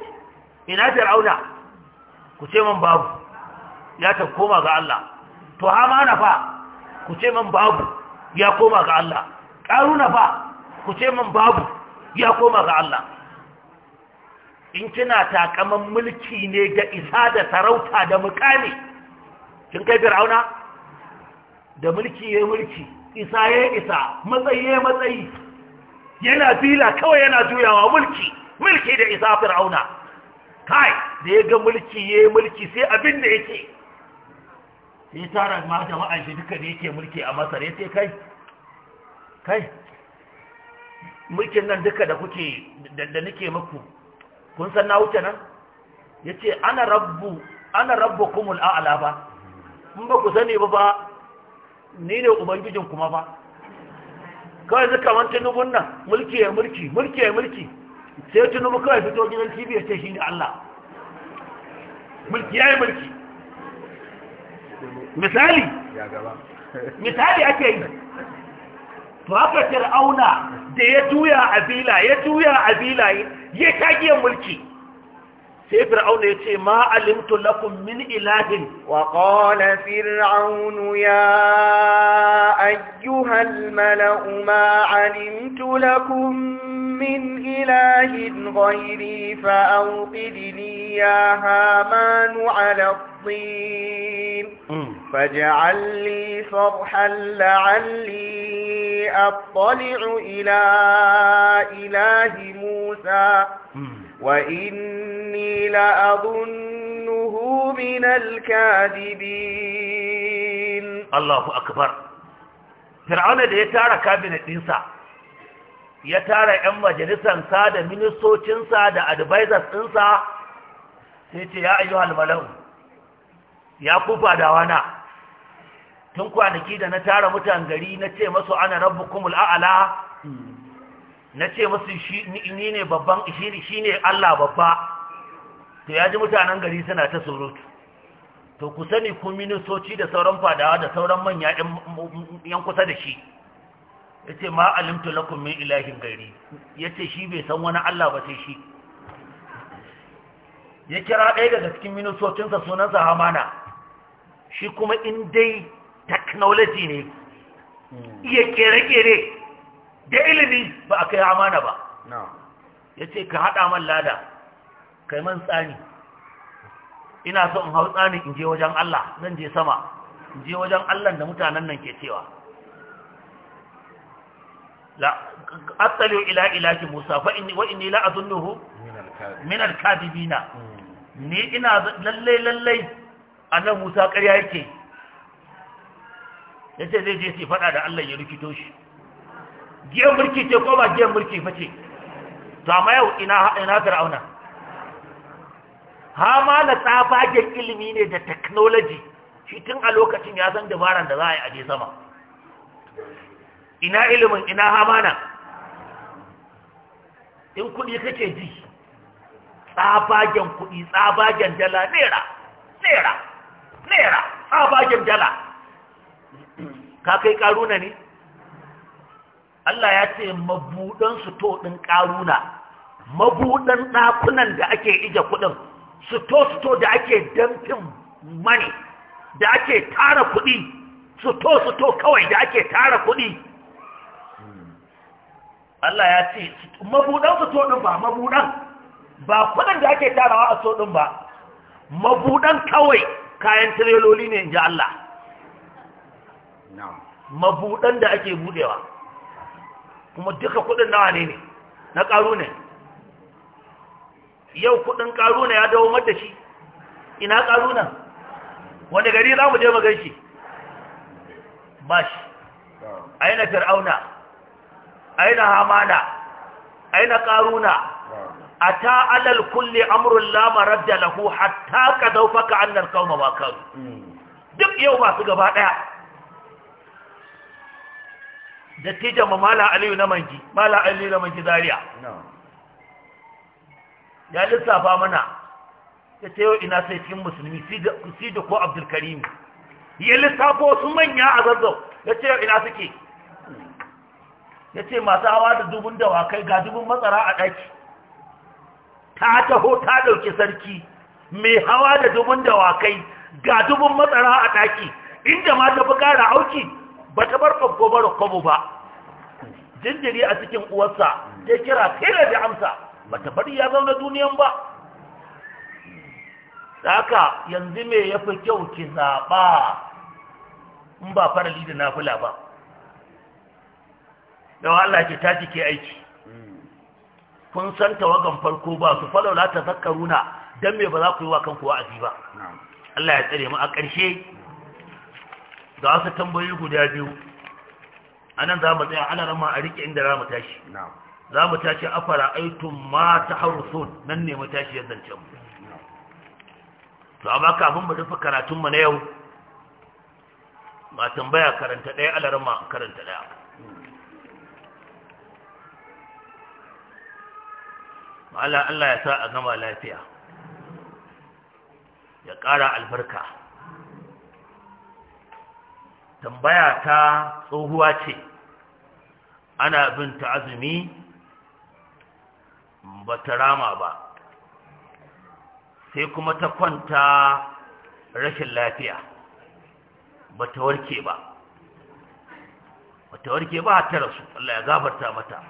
ina fir'auna ku ce man babu ya ta koma ga Allah to na fa ku ce man babu ya koma ga Allah na fa ku ce man babu ya koma ga Allah in kina takaman mulki ne ga isa da sarauta da mukami kin kai fir'auna da mulki ya mulki isa ya isa matsayi ya matsayi yana fila kawai yana juyawa mulki mulki da isa fir'auna kai da ya ga mulki ya mulki sai abin da yake ya tara ma jama'an shi duka ne yake mulki a masar ya ce kai kai mulkin nan duka da kuke da nake muku kun san na wuce nan ya ce ana rabbu ana rabbu kumul a'ala ba in ba ku sani ba ba ni ne ubangijin kuma ba kawai suka man tunubun nan mulki ya mulki mulki ya mulki sai tunubu kawai fito gidan tv ya ce shi ne allah mulki ya yi mulki misali misali ake yi to Auna fir'auna da ya juya a bila ya juya a bila ya tagiyar mulki sai fir'auna ya ce ma alimtu lakum min ilahin wa qala fir'aunu ya ayyuhal mala'u ma alimtu lakum min ilahin ghayri fa awqidni ya hamanu ala عظيم فاجعل لي فرحا لعلي أطلع إلى إله موسى وإني لأظنه من الكاذبين الله أكبر فرعون ده يتارى كابنة إنسا يتارى أما جلسا سادة من الصوت إنسا ده أدبايزة إنسا سيتي يا أيها الملوم ya kufa fadawa na tun kwanaki da na tara mutan gari na ce masu ana rabbukumul a'ala na ce masu ni ne babban shi ne Allah babba to ya ji mutanen gari suna ta surutu to ku sani ku minisoci da sauran fadawa da sauran manya yan kusa da shi ya ce ma alimtu lakum min ilahin gari ya ce shi bai san wani Allah ba sai shi ya kira ɗaya daga cikin minisocinsa sunansa hamana shi kuma in dai technology ne iya kere-kere da ilimi ba a kai amana ba ya ce ka haɗa man lada kai man tsani ina so in hau tsani in je wajen Allah zan je sama in je wajen Allah da mutanen nan ke cewa attalo ila ilahi musa fa inni wa inni la azunnuhu min al-kadibina mm. ni ina lalle lalle annan musa ƙarya yake ya ce zai je su faɗa da allah ya rikito shi giyan mulki ce ko ba giyan mulki fa ce to amma yau ina ina fir'auna ha ma na tsafagen ilimi ne da technology shi tun a lokacin ya san dabaran da za a yi aje sama ina ilimin ina hamana in kuɗi kake ji tsabagen kuɗi tsabagen jala, naira naira naira bagin dala ka kai karuna ne Allah ya ce mabudan su to din karuna mabudan dakunan da ake ije kudin su to su to da ake damfin mani da ake tara kudi su to su to kawai da ake tara kudi Allah ya ce mabudan su to din ba mabudan ba kudin da ake tarawa a so din ba mabudan kawai kayan tireloli ne in ji Allah mabuɗan da ake buɗewa kuma duka kuɗin nawa ne ne na ƙaru ne yau kuɗin ƙaru ne ya dawo da shi ina ƙaru nan wanda gari za mu je mu gaishe ba shi aina fir'auna aina hamana aina ƙaruna ata alal kulli amrun la maradda lahu hatta qadaw faka annal qauma ma kanu duk yau masu gaba daya ma mamala aliyu na mangi mala aliyu na mangi zaria ya lissafa mana ya ce yau ina sai cikin musulmi sida ko karim ya lissafa su manya a zazzau ya ce yau ina suke ya ce masu hawa da dubun dawakai ga dubun matsara a ɗaki ta taho ta ɗauki sarki mai hawa da dubun dawakai ga dubun matsara a ɗaki inda ma ta fi ƙara auki ba ta bar ba barin kwabo ba jinjiri a cikin uwarsa ta kira kira da amsa ba ta bari ya zauna duniyan ba haka yanzu me ya fi kyau ki zaɓa in ba farali da nafula ba yawan Allah ke tashi ke aiki kun san tawagan farko ba su falaula ta zakaruna don me ba za ku yi wa kanku wa'azi ba Allah ya tsare mu a ƙarshe da wasu tambayoyi guda biyu a nan za mu tsaya ana rama a riƙe inda za mu tashi za mu tashi a fara aitun ma ta harusun nan ne mu tashi yadda can to amma kafin mu rufe karatunmu na yau ba tambaya karanta ɗaya alarma karanta ɗaya Allah Allah ya sa a gama lafiya ya ƙara albarka tambaya ta tsohuwa ce ana bin ta azumi ba ta rama ba sai kuma ta kwanta rashin lafiya ba ta warke ba ba ta warke ba ta rasu Allah ya gafarta mata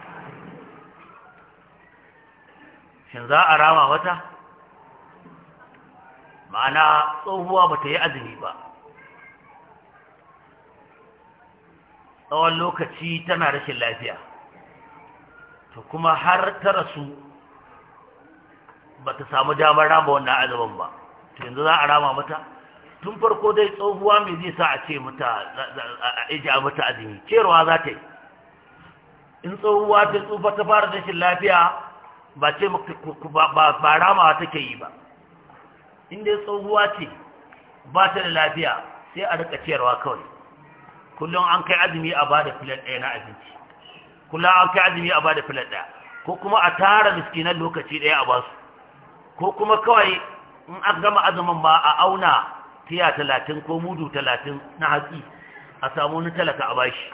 shin za a rama mata ma'ana tsohuwa ba ta yi azumi ba tsawon lokaci tana rashin lafiya to kuma har ta rasu ba ta samu damar rama wannan azumin ba to yanzu za a rama mata tun farko dai tsohuwa mai zai sa a ce mata a ija mata azumi cewa za ta yi in tsohuwa ta tsufa ta fara rashin lafiya ba ce ba ramawa take yi ba inda ya tsohuwa ce ba ta da lafiya sai a rika ciyarwa kawai kullum an kai azumi a bada filar ɗaya na abinci kullum an kai azumi a bada filar ɗaya ko kuma a tara miskinan lokaci ɗaya a basu ko kuma kawai in an gama azumin ma a auna tiya talatin ko mudu talatin na haƙi a samu wani talaka a bashi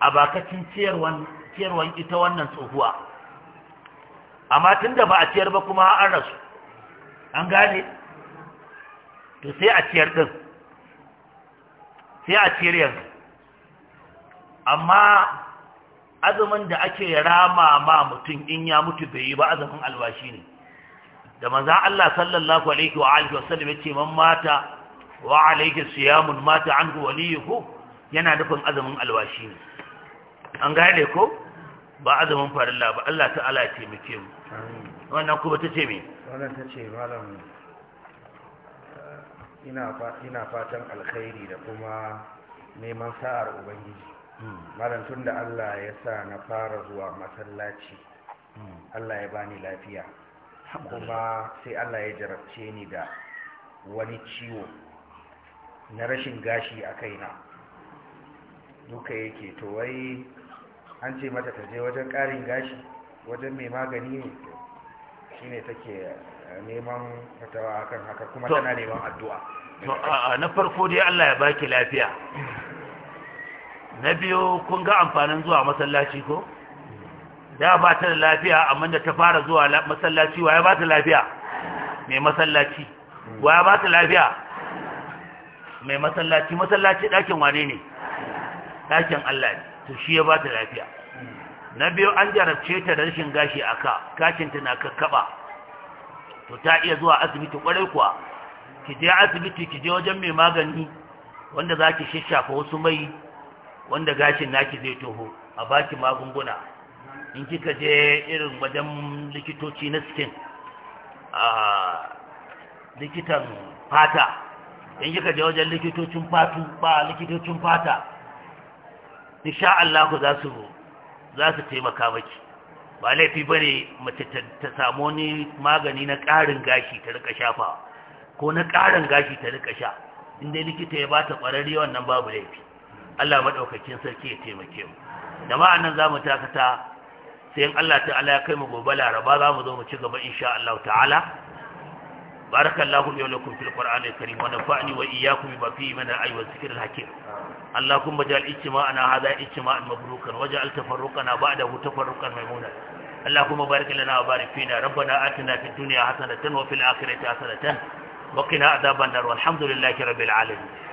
a bakacin ciyarwan ita wannan tsohuwa amma tun da ba a ciyar ba kuma an rasu an gane to sai a ciyar ɗin sai a ciyar yanzu amma azumin da ake rama ma mutum in ya mutu bai yi ba azumin alwashi ne da manzan Allah sallallahu alaihi wa alihi wasallam ya ce man mata wa alaihi siyamun mata an waliyuhu yana nufin azumin alwashi ne an gane ko ba azumin farilla ba Allah ta'ala ya taimake mu wannan kuma ta ce me wannan ta ce malam eh, ina fatan alkhairi da kuma neman sa'ar ubangiji hmm. malam tun da Allah ya sa na fara zuwa masallaci hmm. Allah ya bani lafiya kuma sai Allah ya jarabce ni da wani ciwo na rashin gashi a kaina duka yake to wai an ce mata ta je wajen ƙarin gashi wajen mai magani ne shi ne take eh, neman fatawa hakan haka kuma tana neman addu'a na farko dai Allah ya baki lafiya na biyu kun ga amfanin zuwa masallaci ko da ba ta da lafiya amma da ta fara zuwa masallaci waya ba ta lafiya mai masallaci waya ba ta lafiya mai masallaci masallaci ɗakin wane ne ɗakin Allah ne to shi ya ba ta lafiya na biyu an jarabce ta da rashin gashi a ka gashinta na kakkaba to ta iya zuwa asibiti kwarai kuwa ki je asibiti ki je wajen mai magani wanda za ki shashafa wasu mai wanda gashin naki zai toho a baki magunguna in kika je irin wajen likitoci na skin a likitan fata in kika je wajen likitocin fatu ba likitocin fata insha Allah za su za su taimaka maki ba laifi bane mace ta samu ni magani na ƙarin gashi ta rika shafa ko na ƙarin gashi ta rika sha inda likita ya bata ƙwararri wannan babu laifi Allah maɗaukakin sarki ya taimake mu da ma'anan zamu takata sai in Allah ta'ala ya kai mu gobe laraba zamu zo mu ci gaba insha Allah ta'ala بارك الله لي ولكم في القرآن الكريم ونفعني وإياكم بما فيه من الآي والذكر الحكيم اللهم اجعل اجتماعنا هذا اجتماعا مبروكا واجعل تفرقنا بعده تفرقا ميمونا اللهم بارك لنا وبارك فينا ربنا آتنا في الدنيا حسنة وفي الآخرة حسنة وقنا عذاب النار والحمد لله رب العالمين